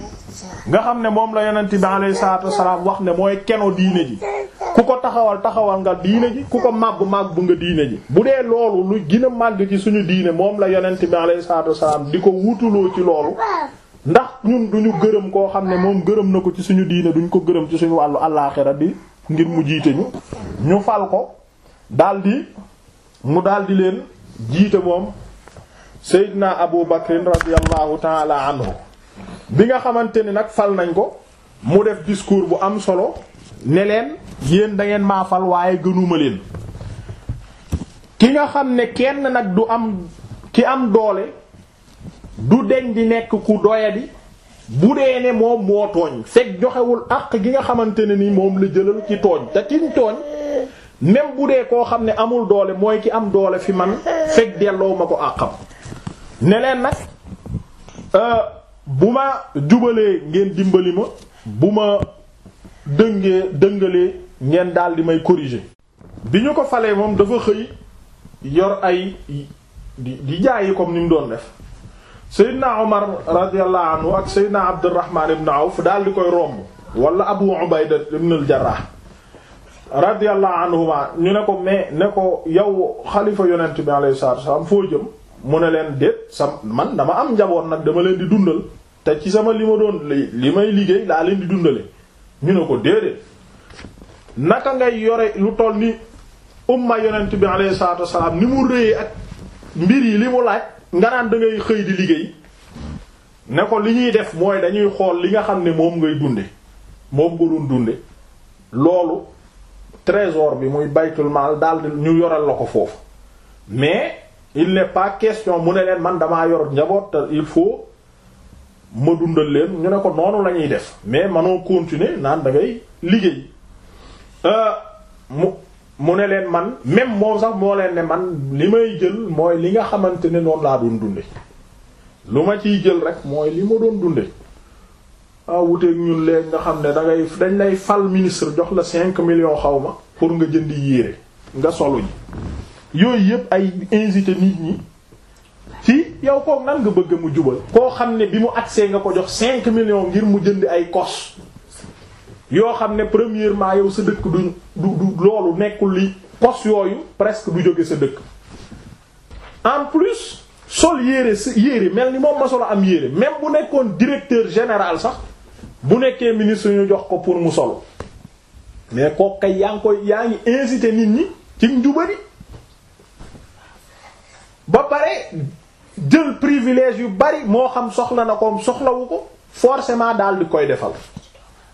nga xam ne moom la yonent bi alayhi salaatu wasalaam wax ne mooy keno diine ji ku ko taxawal taxawal nga diine ji ku ko màgg màgg bu nga diine ji bu dee loolu lu gën a màgg ci suñu diine moom la yonent bi alayhi salaatu wasalaam di ko wutuloo ci loolu ndax ñun duñu gërëm koo xam ne moom gërëm na ko ci suñu diine duñu ko gërëm ci suñu wàllu àllaaxira bi ngir mu jiite ñu ñu fal ko daldi mu daldi leen jiite moom Seydina Abu Bakrin radiyallahu ta'ala anhu bi nga xamante ni nag fal nañ ko mu def discours bu am solo ne leen yéen dangeen ngeen waaye gënuma leen ki nga xam ne kenn nag du am ki am doole du deñ di nekk ku doyadi bu dee ne moom moo tooñ fekk joxewul àq gi nga xamante ne ni moom la jëlal ci tooñ te kiñ tooñ même bu dee koo xam ne amul doole mooy ki am doole fi man fekk delloo ma ko àqam ne nag euh, bu ma jubalee ngeen dimbali ma bu ma dëngee dëngalee ngeen daal di may corriger bi ñu ko falee moom dafa xëy yor ay di di jaayi comme ni mu doon def Seydina Omar radiyallahu anhu ak Seydina Abdurrahman ibn Awf daal di koy romb wala Abu Ubayda ibn al-Jarrah radiyallahu anhuma ñu ne ko mais ne ko yow xalifa yonent bi alayhi salaatu wasallam foo jëm mu ne leen déet sa man dama am njaboot nag dama leen di dundal te ci sama li ma doon li may liggéey laa leen di dundale ñu ne ko déedéet naka ngay yore lu toll ni umma yonent bi alayhi salaatu wassalaam ni mu rëyee ak mbir yi li mu laaj nga naan da xëy di liggéey ne ko li ñuy def mooy dañuy xool li nga xam ne moom ngay dunde moom nga doon dunde loolu trésor bi muy baytul maal daal ñu yoral la ko foofu mais il n'est pas question mu ne leen man damaa yor njaboot te il faut ma dundal leen ñu ne ko noonu la ñuy def mais manoo continuer naan da ngay liggéey euh, mu mu ne leen man même moom sax moo leen ne man li may jël mooy li nga xamante ne noonu laa doon dunde lu ma ciy jël rek mooy li ma doon dunde waaw ah, wuteeg ñun léegi nga xam ne dangay dañ lay fal ministre jox la cinq million xaw ma pour nga jënd yéere nga solu yi yooyu yëpp ay inciter nit ñi ci yow kook nan nga bëgg mu jubal koo xam ne bi mu agsee nga ko jox cinq million ngir mu jënd ay kos yoo xam ne premièrement yow sa dëkk du du du loolu nekkul li kos yooyu presque du jóge sa dëkk en plus sol yére si yére mel ni moom ma solo am yére même bu nekkoon directeur général sax bu nekkee ministre suñu jox ko pour mu solo mais kooku yaa ngi koy nit ñi ci njubari ba pare jël privilège yu bari moo xam soxla na ko soxlawu ko forcément daal di koy defal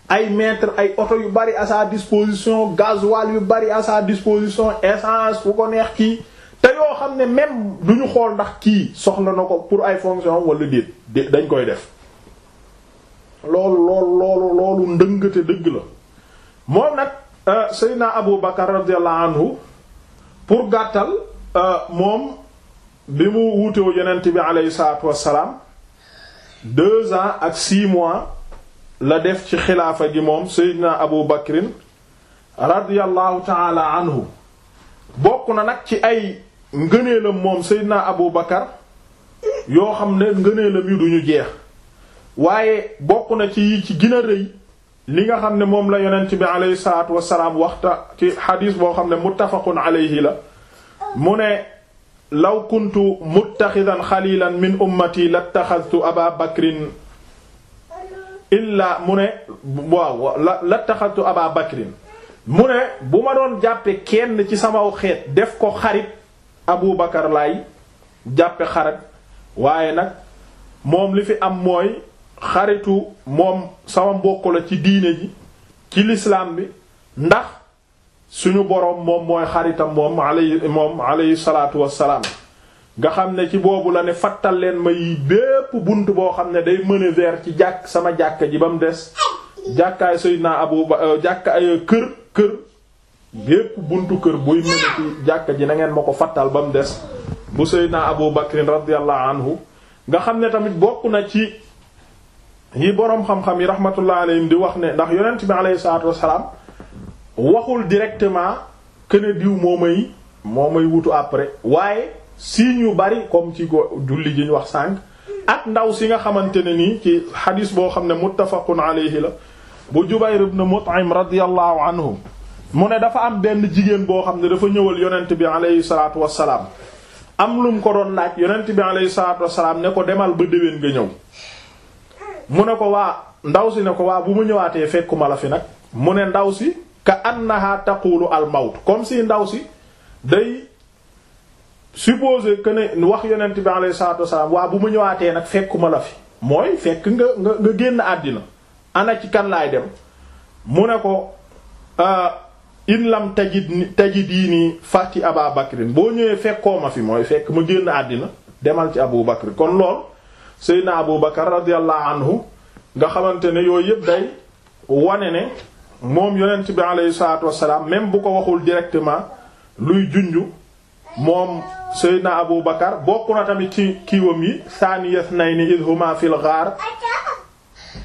ay mettre ay oto yu bari à sa disposition gasoil yu bari à sa disposition essence fu ko neex kii te yoo xam ne même du ñu xool ndax kii soxla na ko pour ay fonction wala déet dañ koy def loolu loolu loolu loolu ndëngate dëgg la moom nag euh, Seydina Abu Bakar radiyallahu anhu pour gàttal euh, moom bi mu wuutewu yonent bi aleyhi salaatu wassalaam deux ans ak six mois la def ci xilaafa gi moom seydina abu bakrin radiallahu taala anhu bokk na nag ci ay ngëneelam moom seydina abu bakar yoo xam ne ngëneelam yi duñu jeex waaye bokk na ci yi ci gën a rëy li nga xam ne moom la yonent bi aleyhi salaatu wassalaam waxta ci xadiis boo xam ne muttafaqun aleyhi la mu ne law kuntu muttaxidan xalilan min ummati lattaxadtu aba bakrin illaa mu ne waaw lattaxadtu aba bakrin mu ne bu ma doon jàppe kenn ci sama xeet def ko xarit abu bakar laay jàppe xarit waaye nag moom li fi am mooy xaritu moom sama mbokk ci diine ji ci lislaam bi ndax suñu boroom moom mooy xaritam moom alayhi moom alayhi salaatu wassalaam nga xam ne ci boobu la ne fattal leen ma yi bépp bunt boo xam ne day mën vers ci jàkk sama jàkk ji ba mu des jàkkaay Seydina Abu euh, jàkka ay euh, kër kër bépp buntu kër buy mën ci jàkk ji na ngeen ma ko fattal ba mu des bu Seydina Abu Bakrin radiyallahu anhu nga xam ne tamit bokk na ci yi boroom xam-xam yi rahmatullah alayhim di wax ne ndax yonent bi alayhi salaatu wassalaam waxul directement que ne diw moo may moo may wutu après waaye signes yu bari comme ci go julli ji wax sànq ak ndaw si nga xamante ne nii ci xadiis boo xam ne muttafaqun alayhi la bu Jubayr ibn Mut'im radiyallahu anhu mu ne dafa am benn jigéen boo xam ne dafa ñëwal yonent bi alayhi salaatu wassalaam am lum ko doon laaj yonent bi alayhi salaatu wassalaam ne ko demal ba déwén nga ñëw mu ne ko waa ndaw si ne ko waa bu ma ñëwaatee fekkuma la fi nag mu ne ndaw si ka annaha taqulu al mawt comme si ndaw si day supposer que wax yonent bi alayhi salaatu wasalaam waa bu ma ñëwaatee nag fekkuma la fi mooy fekk nga nga nga génn àddina ana ci kan laay dem mu ne ko euh, in lam tajid tajidini fa ci Aba boo ñëwee fekkoo ma fi mooy fekk ma génn àddina demal ci Abu Bakr kon lool Seydina Abu Bakar anhu nga xamante ne yooyu yëpp day wane ne moom yonent bi aleyhi salaatu wassalaam même bu ko waxul directement luy junju moom Seydina Abu Bakar bokk na tamit ci kiiwam yi yes nay ni idhuma fil ghaar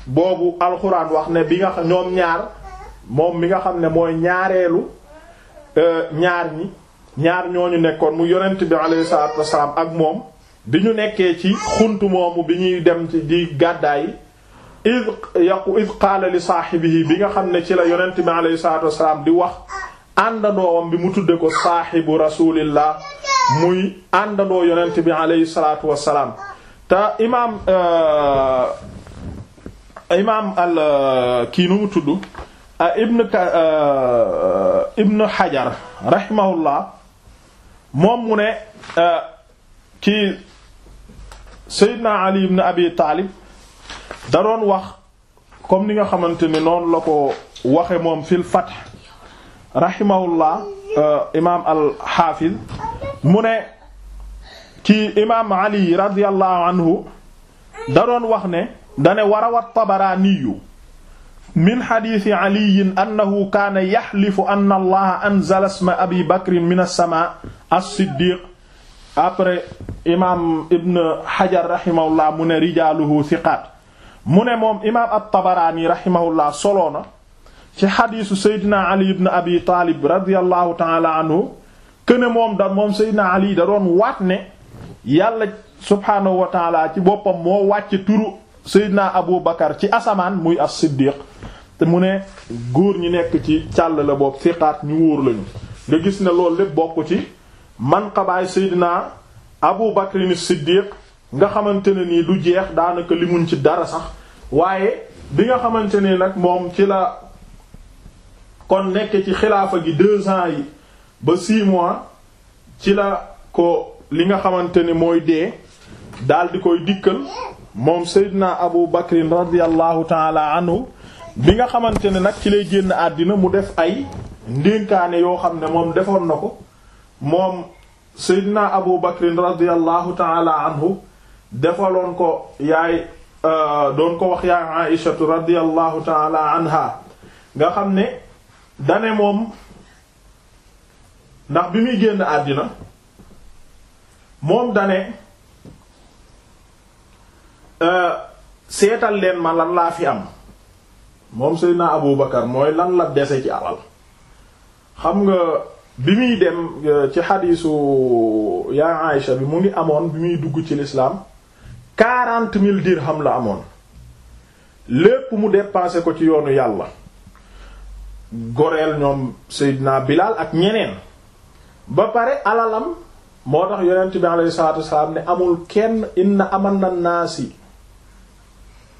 boobu alxuraan wax ne bi nga xam ñoom ñaar moom mi nga xam ne mooy ñaareelu euh, ñaar ñi ñaar ñooñu nekkoon mu yonent bi aleyhi salaatu ak moom bi ñu nekkee ci xunt moomu bi ñuy dem ci di gàddaay id yaqu id qaala li saaxibihi bi nga xam ne ci la yonent bi alayhi salaatu wasalaam di wax àndandoowam bi mu tudde ko saaxibu rasulillah muy àndandoo yonent bi alayhi salaatu wasalaam te imaam euh, imaam al euh, kii nu mu tudd euh, ibn ka ibn Hajar rahimahullah moom mu ne ci Seydina Ali ibn Abi Taalib da wax comme ni nga xamante ne noonu la ko waxe moom fil fath rahimahullah euh, imaam al-Hafiz mu ne ci imaam Ali radiyallahu anhu da wax ne dane warawat tabaraniyu min xadiisi caliyin annahu kaana yaxlifu anna allaha anzala isma abi bakrin min alsama alsiddiq après imam ibn xajar rahimahullah mu ne rijaaluhu siqaat mu ne moom imaam at-Tabaraani rahimahullah soloo na ci xadiisu Seydina Ali ibn Abi Taalib radiyallahu taala këne moom da moom Seydina Ali da doon waat ne yàlla subhaanahu ci boppam moo wàcce turu Seydina Abu Bakar ci asamaan muy as-Siddiq te mu ne góor ñi nekk ci càll la boobu siqaat ñu wóor lañu nga gis ne loolu lépp bokk ci manqabaay Seydina Abu Bakrin as nga xamante ne nii du jeex daanaka limuñ ci dara sax waaye bi nga xamante ne nag moom ci la kon nekk ci xilaafa gi deux ans yi ba six mois ci la ko li nga xamante ne mooy dee daal di koy dikkal moom Seydina Abu Bakrin radiyallahu taala anhu bi nga xamante ne nag ci lay génn àddina mu def ay ndénkaane yoo xam ne moom defoon na ko moom Seydina Abu Bakrin radiyallahu taala anhu defaloon ko yaay euh, doon ko wax yaay aïshatu radiallahu taala anha nga xam ne dane moom ndax bi muy génn àddina moom dane euh, seetal leen ma lan laa fi am moom Seydina Abu Bakar mooy lan la dese ci alal xam nga bi muy dem euh, ci xadiisu yaa Aïsha bi mu ngi amoon bi muy dugg ci lislaam quarante mille xam la amoon lépp mu dépensé ko ci yoonu yàlla goreel ñoom Seydina Bilal ak ñeneen ba pare alalam moo tax yonent bi alayhi salaatu wasalaam amul kenn inna amanna naasi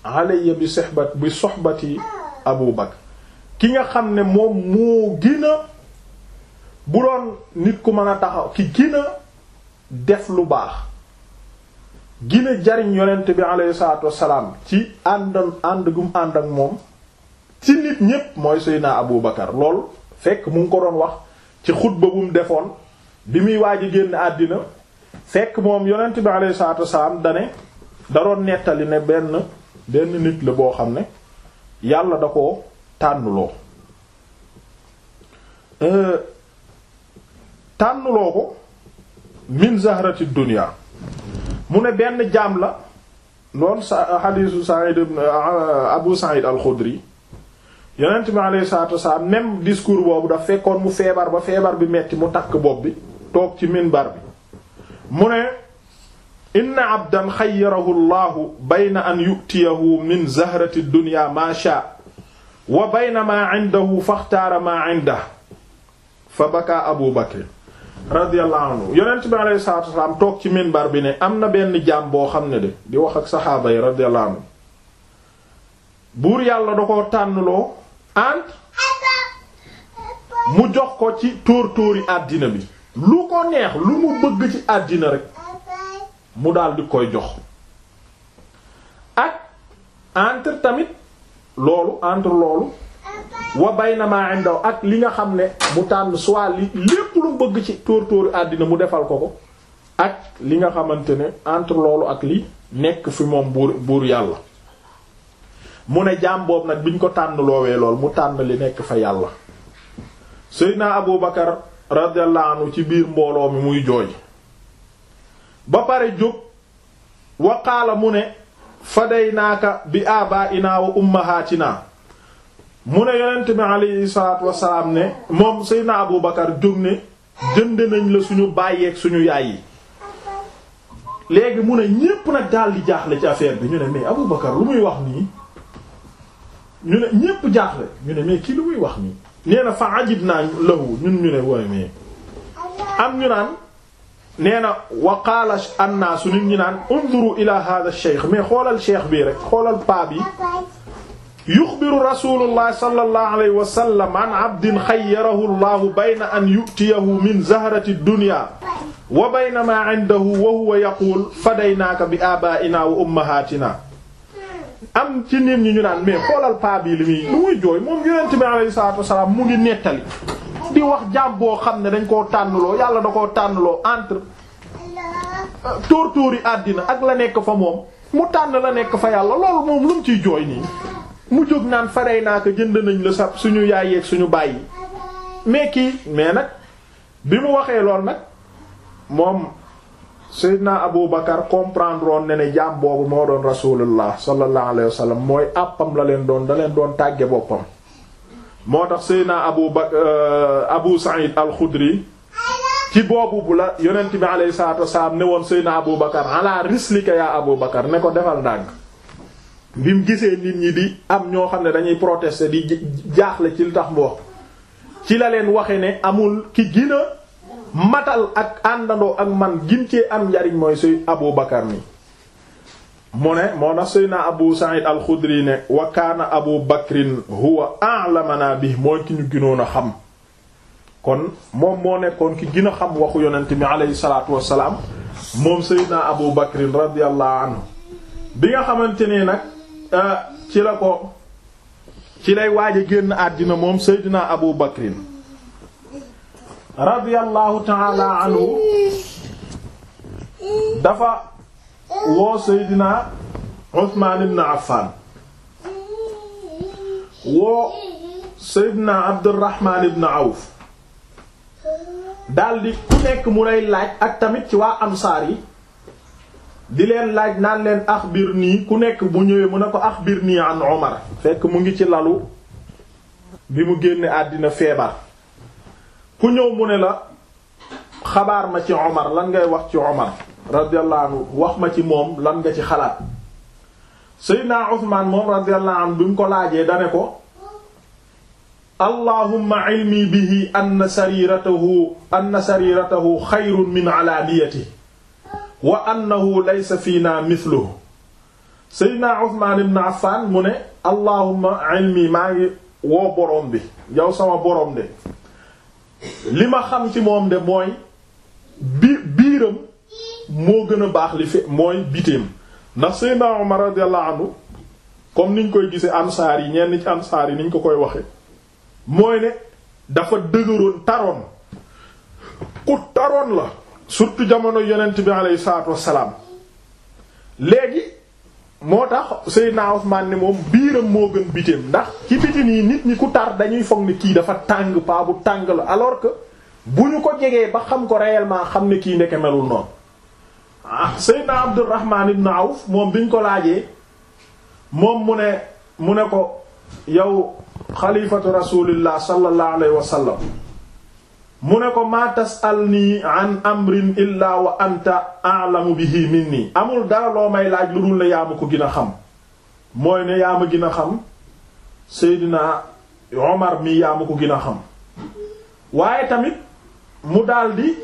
alayya bi soxbat bi soxbati Abu Bakr ki nga xam ne moom moo gën bu doon nit ku mën a taxaw ki gën def lu baax gine jariñ yonent bi alayhi salaatu wassalaam ci àndam ànd ak moom ci nit ñépp mooy Seydina Abu Bakar lool fekk mu ngi ko doon wax ci xutba bu mu defoon bi muy waaj génn àddina fekk moom yonent bi alayhi salaatu wassalaam dane da doon nettali ne benn benn nit la boo xam ne yàlla da ko tànnuloo euh, tànnuloo ko min zahrati dunya mu ne benn jaam la loolu sa xadiisu Sa'id ibn Abu Sa'id al-Khudri yonent bi alayhi salaatu wasalaam boobu daf fekkoon mu feebar ba feebar bi metti mu takk bopp bi toog ci minbar bi mu ne inna abdan xayyarahu llahu bayna an yu'tiyahu min zahrati dunya maa shaa wa bayna maa indahu faxtaara maa fa bakaa Abu Bakr radiyallahu anhu yonent bi alayhi salaatu toog ci minbar bi ne am na benn jaam boo xam ne de di wax ak saxaaba yi radiyallahu anhu buur yàlla da ko tànnloo ant mu jox ko ci tóor tóori àddina bi lu ko neex lu mu bëgg ci àddina rek mu daal koy jox ak entre tamit loolu entre loolu wa baynama indaw ak li nga xam ne mu tànn soit li lépp lu bëgg ci tóor tóori àddina mu defal ko ko ak li nga xamante ne entre loolu ak li nekk fi moom buur buur yàlla mu ne jaam boobu nag bi ñu ko tànn loowee lool mu tànn li nekk fa yàlla Seydina Abu Bakar radiyallahu ci biir mbooloo mi muy jooy ba pare jóg waqaala mu ne fadaynaaka bi abaa inaa wa mu ne yonent bi alayhi salaatu wasalaam ne moom Seydina Abu Bakar jóg ne jënd nañ la suñu baay ak suñu yaay yi léegi mu ne ñépp nag daal di jaaxle ci affaire bi ñu ne mais Abu Bakar lu muy wax nii ñu ne ñépp jaaxle ñu ne mais kii lu muy wax nii nee na fa ajibna lahu ñun ñu ne wooy mais am ñu naan nee na wa qaala annaasu nit ñi naan unzuru ila hadha ash-shaykh mais xoolal cheikh bii rek xoolal paa bi yuxbiru rasulullah sallallahu alayhi wa sallam an abdin xayyarahu llahu bayna an yutiyahu min zahrati dunya wa bayna ma indahu wa huwa yaquul fadaynaaka bi abaa'inaa wa ummahaatinaa am ci nit ñi ñu naan mais xoolal paa bii li muy jooy moom yonent bi alayhi salaatu wasalaam mu ngi nettali di wax jàmboo xam ne dañ koo tànnloo yàlla da koo tànnloo entre tóor tóori àddina ak la nekk fa moom mu tànn la nekk fa yàlla loolu moom lu mu ciy jooy mu jóg naan farey naa ko jënd nañu la sa suñu yaay yeeg suñu bàyyi mais kii mais nag bi mu waxee lool nag moom na Abu Bakar comprendre woon ne ne jaam boobu moo doon rasulullah sallallahu mooy àppam la leen doon daleen doon tàgge boppam moo tax Seydina Abu Bak euh, Abu Sa'id al-Khudri ci boobu bu la yonent bi alayhi salaatu wa salaam ne woon Seydina Abu Bakar ala rislika yaa Abu Bakar ne ko defal ndànk bi mu gisee nit ñi di am ñoo xam ne dañuy protester di jaaxle ci li tax mu wax ci la leen waxe ne amul ki gina matal ak àndandoo ak man gin cee am njariñ mooy suy Abu Bakar mi mu ne moo tax suy naa Abu Sa'id al-Khudri ne wa kaana Abu Bakrin huwa a'lamana bi mooy ki ñu ginoon a xam kon moom moo nekkoon ki gën xam waxu yonent bi aleyhi salaatu wassalaam moom Seydina Abu Bakrin radiyallahu anhu bi nga xamante nii nag ci la ko ci lay waaj génn àddina moom Seydina Abu Bakrin radiyallahu ta'ala anhu dafa woo Seydina Usmaan ibn Affan daldi ku nekk mu lay laaj ak tamit ci waa ansaar yi di leen laaj naan leen axbir nii ku nekk bu ñëwee mu ne ko axbir nii an Omar fekk mu ngi ci lalu bi mu génnee àddina feebar ku ñëw mu ne la xabaar ma ci Omar lan ngay wax ci Omar radiyallahu wax ma ci moom lan nga ci xalaat Seydina Usmaan moom radiyallahu anhu mu ko laajee dane ko allahumma ilmi bihi anna sariratahu anna sariratahu xayrun min alaaniyatihi wa annahu laysa fiina mithluhu seydna uthman ibn affan mu ne allahumma ilmi maa ngi woo boroom bi yow sama boroom de li ma xam ci moom de mooy biiram moo gën a baax li fi mooy biteem ndax seydna umar radiyallahu anhu comme niñ koy gisee ansaar yi ñenn ci ansaar yi niñ ko koy waxe mooy ne dafa dëgëroon taroon ku taroon la surtout jamono yonent bi aleyhi salaatu wassalaam léegi moo tax Seydina Usmaan ne moom biiram moo gën bitim ndax ci biti nii nit ñi ku tar dañuy foog ne kii dafa tàng paa bu tàng la alors que bu ñu ko jegee ba xam ko réellement xam ne kii ndeke melul noonu ah Seydina Abdurrahman ibn Awf moom biñ ko laajee moom mu ne mu ne ko yow xalifatu rasulillah sallallahu alayhi wa sallam mu ne ko maa tasalnii an amrin illaa wa anta a'lamu bihi minni amul dara loo may laaj lu dul ne yaa ko gën a xam mooy ne yaa ma a xam Seydina Omar mii yaa ko gën a xam waaye tamit mu daldi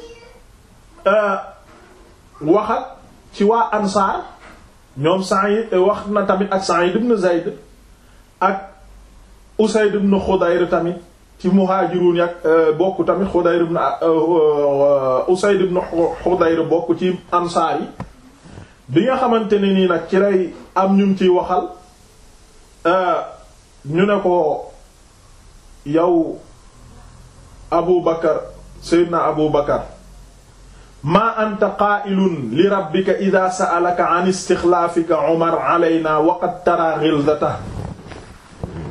euh, waxat ci waa ansaar ñoom Sa'id euh, wax na tamit ak Sa'id ibn Zayd ak Usayd ibn Khudayr tamit ci muhaajiruun yak euh, bokk tamit Xudayr ibn euh, euh, Usayd ibn Xudayr bokk ci ansaar yi bi nga xamante ne nii nag ci am ñun ciy waxal ñu ne ko yow Abu Bakar Seydina Abu Bakar maa anta qaa'ilun li rabbika idhaa sa'alaka an istixlaafika Umar alaynaa wa qad taraa ghilzatahu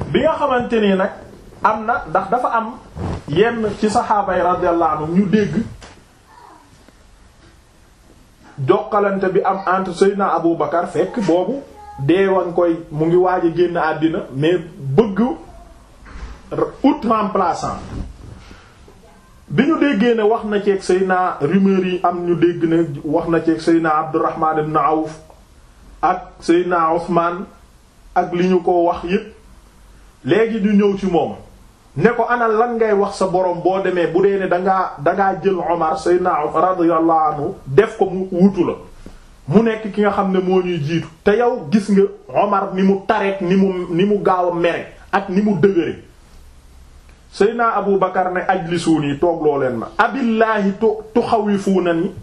bi nga xamante ni nag am na ndax dafa am yenn ci saxaaba yi radiyallahu ñu dégg jokkalante bi am entre Seydina Abu Bakar fekk boobu deewan koy mu ngi waaj génn àddina mais bëgg ut remplaçant bi ñu déggee ne wax na ceeg Seydina rumeur yi am ñu dégg ne wax na ceeg Seydina Abdurrahman ibn Awf ak Seydina Ousmane ak li ñu ko wax yépp léegi ñu ñëw ci moom ne ko anal lan ngay wax sa borom boo demee bu dee ne dangaa dangaa jël Omar sayyidina radiyallahu anhu def ko mu wutu la mu nekk ki nga xam ne moo ñuy jiitu te yow gis nga Omar ni mu tareet ni mu ni mu gaaw a mere ak ni mu dëgëre sayyidina Abu Bakar ne ajlisuuni toog loo leen ma abillaahi tu tuxawifuunani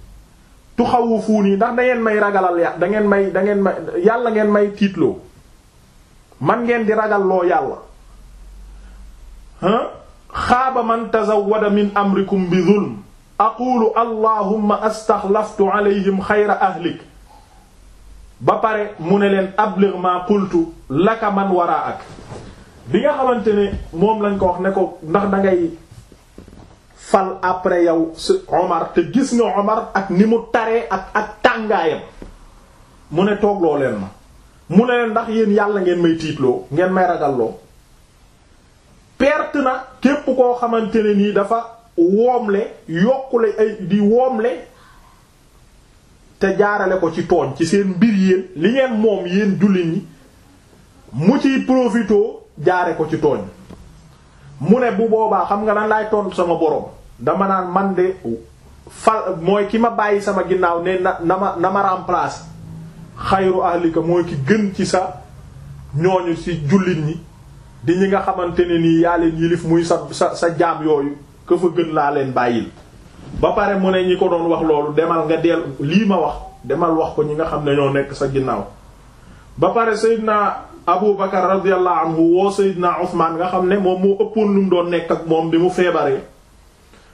tuxawifuuni ndax dangeen may ragalal ya dangeen may dangeen may yàlla ngeen may tiitloo man ngeen di ragalloo loo yàlla xaaba man tazawwada min amrikum bi zulm aqulu allahumma astaxlaftu alayhim xayra ahlik ba pare mu ne leen ablir ma qultu laka man waraak bi nga xamante ne moom lañ ko wax ne ko ndax dangay fal après yow si Omar te gis nga Omar ak ni mu taree ak ak tàngaayam mu ne toogloo leen ma mu ne leen ndax yéen yàlla ngeen may tiitloo ngeen may ragalloo perte na képp koo xamante ne nii dafa woomle yokkule ay di woomle te jaarale ko ci tooñ ci seen mbir yéen li ngeen moom yéen jullit ñi mu ci profitoo jaare ko ci tooñ mu ne bu boobaa xam nga lan laay tontu sama borom dama naan man de fal mooy ki ma bàyyi sama ginnaaw ne na na ma na ma xayru ahlika mooy ki gën ci sa ñooñu ci jullit ñi di ñi nga xamante ne nii yaa leen yilif muy sa sa sa jaam yooyu ka fa gën laa leen bàyyil ba pare mu ne ñi ko doon wax loolu demal nga deel lii ma wax demal wax ko ñi nga xam ne ñoo nekk sa ginnaaw ba pare Seydina Abu Bakar radiyallahu anhu woo Seydina Usmaan nga xam ne moom moo ëppoon lum doon nekk ak moom di mu feebaree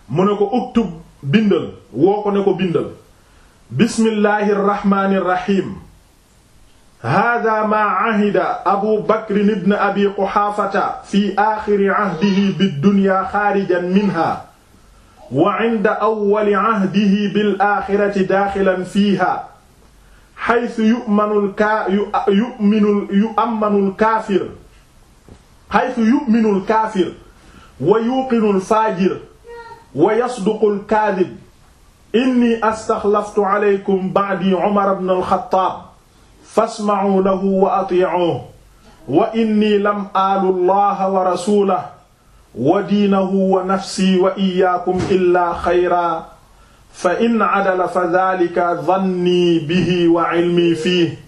mu ne ko uktub bindal woo ko ne ko bindal bismillahir hada maa ahida abu bakrin ibn abi quhaafata fi axiri ahdihi biddunya xaarijan minha wa inda awwali ahdihi bil axirati daaxilan fiiha xaysu yu'manul kaa yu yu'minul yu'ammanul kaafir xaysu yu'minul kaafir wa yuqinul faajir wa yasduqul kaadib inni astaxlaftu aleykum ba'di Umar ibn al-Xattaab fasma'u lahu wa ati'uhu wa inni lam aalu llaha wa rasulahu wa diinahu wa nafsi wa iyyaakum illaa xayra fa in cadala fa daalika dannii bihi wa cilmii fiihi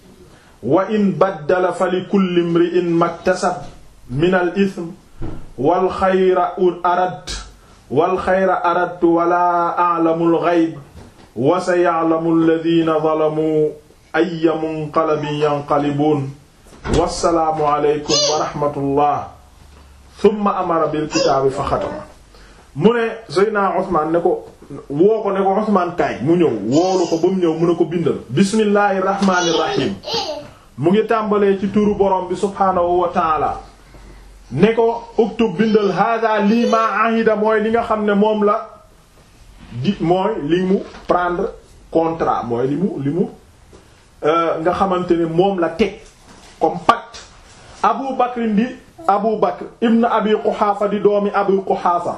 wa in baddala fa likulli imri'in maktasab min al-ithm wal xayra aradtu wal xayra aradtu wa laa aclamu al-ghayb wa sayaclamu alladhiina zalamuu ayya munqalabin yanqalibuun wassalaamu aleykum wa rahmatullah amara bil kitaabi fa xatama mu ne Seydina Usmaan ne ko woo ko ne ko Usmaan kaay mu ñëw woolu ko ba mu ñëw mu ne ko bindal bismillaahi rahmaani mu ngi tàmbalee ci tuuru borom bi subhaanahu wa ne ko uktub bindal hada lii maa ahida mooy li nga xam ne moom la di mooy li mu prendre contrat mooy li mu li mu Euh, nga xamante ni moom la teg comme pacte Abu Bakr di Abu Bakr ibn Abi Quhaafa di doomi Abi Quhaafa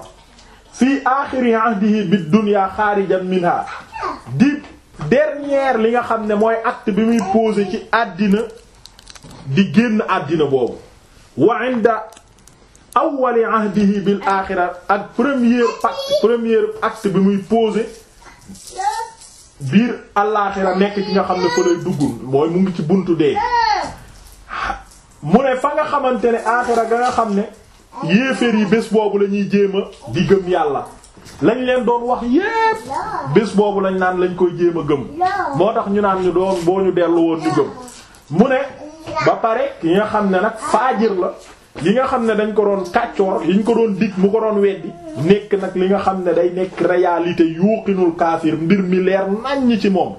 fii aaxiri ahdihi bid dunya xaarijan minha di dernière li nga xam ne mooy at bi muy posé ci àddina di génn àddina boobu wa inda awwali ahdihi bil aaxira ak premier pacte premier acte bi muy posé biir allaaxira nekk ki nga xam ne fa lay duggul mooy mu ngi ci buntu dee mu ne fa nga xamante ne aaxira ga nga xam ne yéeféer yi bés boobu lañuy ñuy jéem a di gëm yàlla lañ leen doon wax yépp bés boobu lañ naan lañ koy jéem a gëm moo tax ñu naan ñu doon boo ñu dellu woon ñu gëm mu ne ba pare ki nga xam ne nag faajir la yi nga xam ne dañ ko doon kàccoor yi ñu ko doon dig mu ko doon weddi nekk nag li nga xam ne day nekk réalité yuuqinul kaafir mbir mi leer naññ ci moom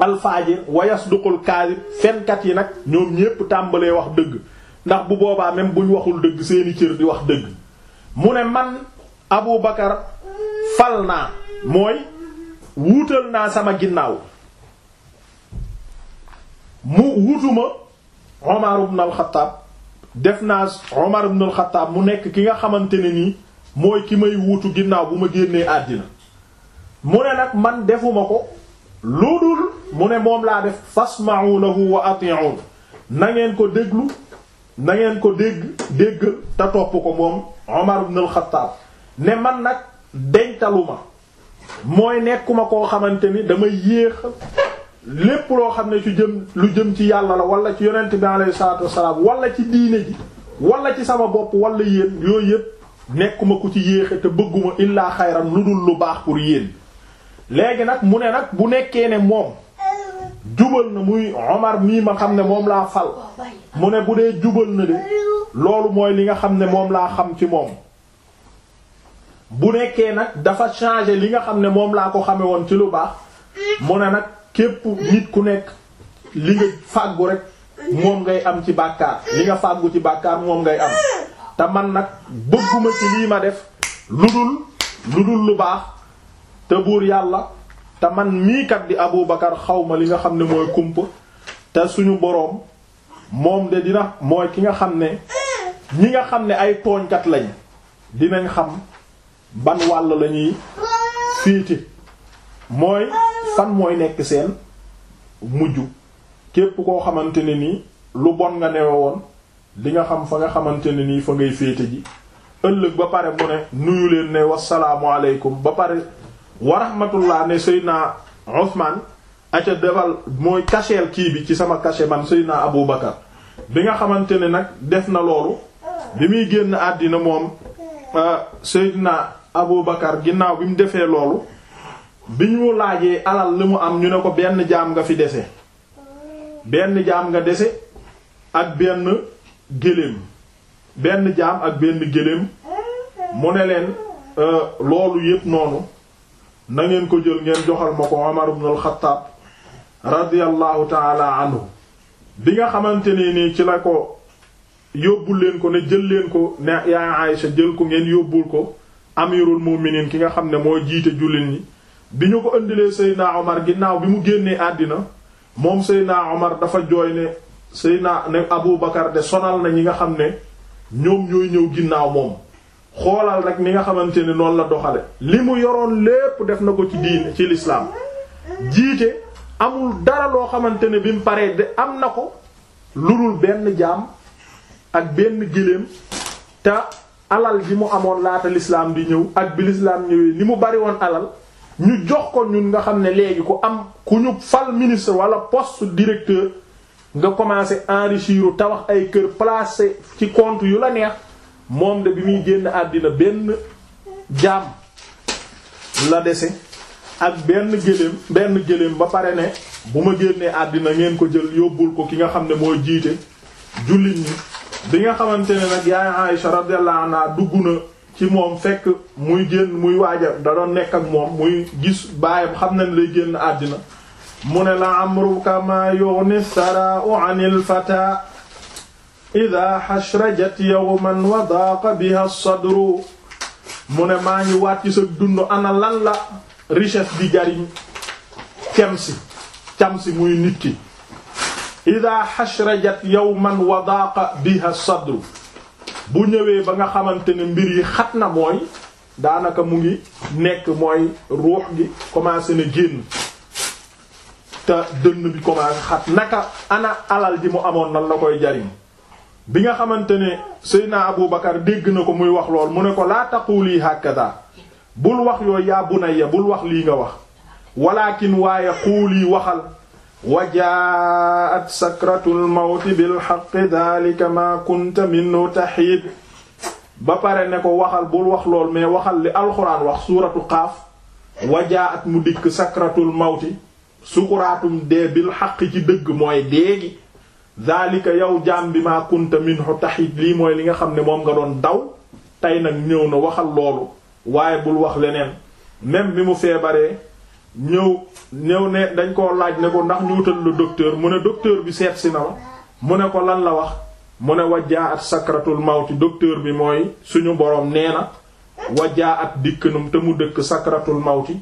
alfaajir wayasduqul kaasib fenkat yi nag ñoom ñépp tàmbalee wax dëgg ndax bu boobaa même buñ waxul dëgg seeni cër di wax dëgg mu ne man Abu Bakar fal naa mooy wuutal naa sama ginnaaw mu wutuma Umar ibn al def naa Omar ibn al mu nekk ki nga xamante ne nii mooy ki may wuutu ginnaaw bu ma génnee àddina mu ne nag man defuma ko lu dul mu ne moom laa def fasma'u lahu wa ati'u na ngeen ko déglu na ngeen ko dégg dégg te topp ko moom Omar ibn al-Khattab ne man nag deñtaluma mooy nekkuma koo xamante ni damay yéex lépp loo xam ne ci jëm lu jëm ci yàlla la wala ci yonent bi alayhi salaatu wassalaam wala ci diine ji wala ci sama bopp wala yéen yooyu yëpp nekkuma ku ci yéexe te bëgguma illaa xayran lu dul lu baax pour yéen léegi nag mu ne nag bu nekkee ne moom jubal na muy Omar mii ma xam ne moom laa fal mu ne bu dee jubal na de loolu mooy li nga xam ne moom laa xam ci moom bu nekkee nag dafa changer li nga xam ne moom laa ko xame woon ci lu baax mu ne nag képp nit ku nekk li nga fàggu rek moom ngay am ci bàkkaar li nga fàggu ci bàkkaar moom ngay am te man nag bëgguma ci lii ma def lu dul lu dul lu baax te buur yàlla te man miikat kat di Abu Bakar xawma li nga xam ne mooy kump te suñu boroom moom de dina mooy ki nga xam ne ñi nga xam ne ay tooñkat lañ dinañ xam ban wàll lañuy ñuy mooy fan mooy nekk seen mujj képp koo xamante ne nii lu bon nga newe woon di nga xam fa nga xamante ne nii fa ngay féete ji ëllëg ba pare mu ne nuyu leen ne wasalaamualeykum ba pare wa rahmatullah ne Seydina Ousmane aca defal mooy kacheel kii bi ci sama caché man Seydina Abou Bakar bi nga xamante ne nag def na loolu bi muy génn àddina moom euh, Seydina Abou Bakar ginnaaw bi mu defee loolu bi ñu laajee alal li mu am ñu ne ko benn jaam nga fi dese benn jaam nga dese ak benn géléem benn jaam ak benn géléem mu ne leen euh, loolu yépp noonu na ko jël ngeen joxal ma ko Umar ibn al-Khattab radiyallahu anhu bi nga xamante ne nii ci la ko yóbbul leen ko ne jël leen ko ne yaa Aïcha jël ko ngeen yóbbul ko amirul mu'minin ki nga xam ne moo jiite jullit yi bi ñu ko indilee Seydina Omar ginnaaw bi mu génnee àddina moom Seydina Omar dafa jooy ne Seydina ne Abu Bakar de sonal na ñi nga xam ne ñoom ñooy ñëw ginnaaw moom xoolal rek ni nga xamante ne noonu la doxale li mu yoroon lépp def na ko ci diine ci lislaam jiite amul dara loo xamante ne bi mu paree de am na ko lu dul benn jaam ak benn giléem te alal ji mu amoon laata lislaam di ñëw ak bi lislaam ñëwee ni mu bari woon alal ñu jox ko ñun nga xam ne léegi ku am ku ñu fal ministre wala poste directeur nga commencé enrichir tabax ay kër placé ci compte yu la neex moom de bi muy génn àddina benn jaam la dese ak benn gëléem benn gëléem ba pare ne bu ma génnee àddina ngeen ko jël yóbbul ko ki nga xam ne mooy jiite jullit ñi bi nga xamante ne nag yaay Aïcha radiyallahu anha dugg na ci moom fekk muy génn muy waaja da doon nekk ak moom muy gis baayam xam na lay génn àddina mu ne la amruka ma yughni sara'u 'anil fata idha hashrajat yawman wa daqa biha sadru mu ne maa ngi wàcc sa dund ana lan la richesse di jariñ cem si muy nit ki idha hashrajat yawman wa sadru bu ñëwee ba nga xamante ne mbir yi xat na mooy daanaka mu ngi nekk mooy ruux gi commencé na génn te dënn bi commencé xat naka ana alal ji mu amoon na la koy jariñ bi nga xamante ne Seydina Abu Bakar dégg na ko muy wax lool mu ne ko laa taquli hakada bul wax yooyu yaa bunayya bul wax lii nga wax walakin waaye xuuli waxal wajaat sakratul mawti bil xaqi daalika maa kunta minhu taxiid ba pare ne ko waxal bul wax lool mais waxal li alxuraan wax suuratu xaaf at mu dikk sakratul mawti sukuraatum dee bil xaqi ci dëgg mooy déegi daalika yow jaam bi maa kunta minhu taxiid lii mooy li nga xam ne moom nga doon daw tey nag ñëw na waxal loolu waaye bul wax leneen même bi mu feebaree ñëw ñëw ne dañ koo laaj ne ko ndax ñu wutal lu docteur mu ne docteur bi seet si naw mu ne ko lan la wax mu ne wajjaa at sakratul mawti docteur bi mooy suñu boroom nee na wajjaa at dikkanum te mu dëkk sakratul mawti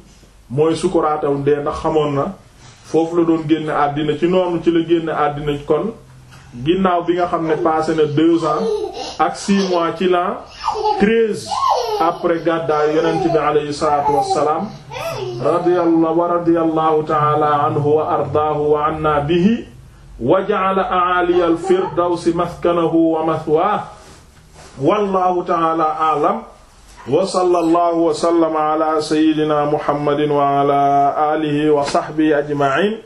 mooy sukuraataw dee ndax xamoon na foofu la doon génn àddina ci noonu ci la génn àddina kon ginnaaw bi nga xam ne passé na deux ans ak six mois ci l'an treize après gàddaay yonent bi alayhi salaatu wassalaam radiyallahu wa radiyallahu ta'ala anhu wa ardaahu wa anna bihi wa ja'ala a'ali al-firdawsi maskanahu wa mathwaahu wallahu ta'ala a'lam wa sallallahu wa sallama ala sayyidina muhammadin wa ala alihi wa sahbihi ajma'in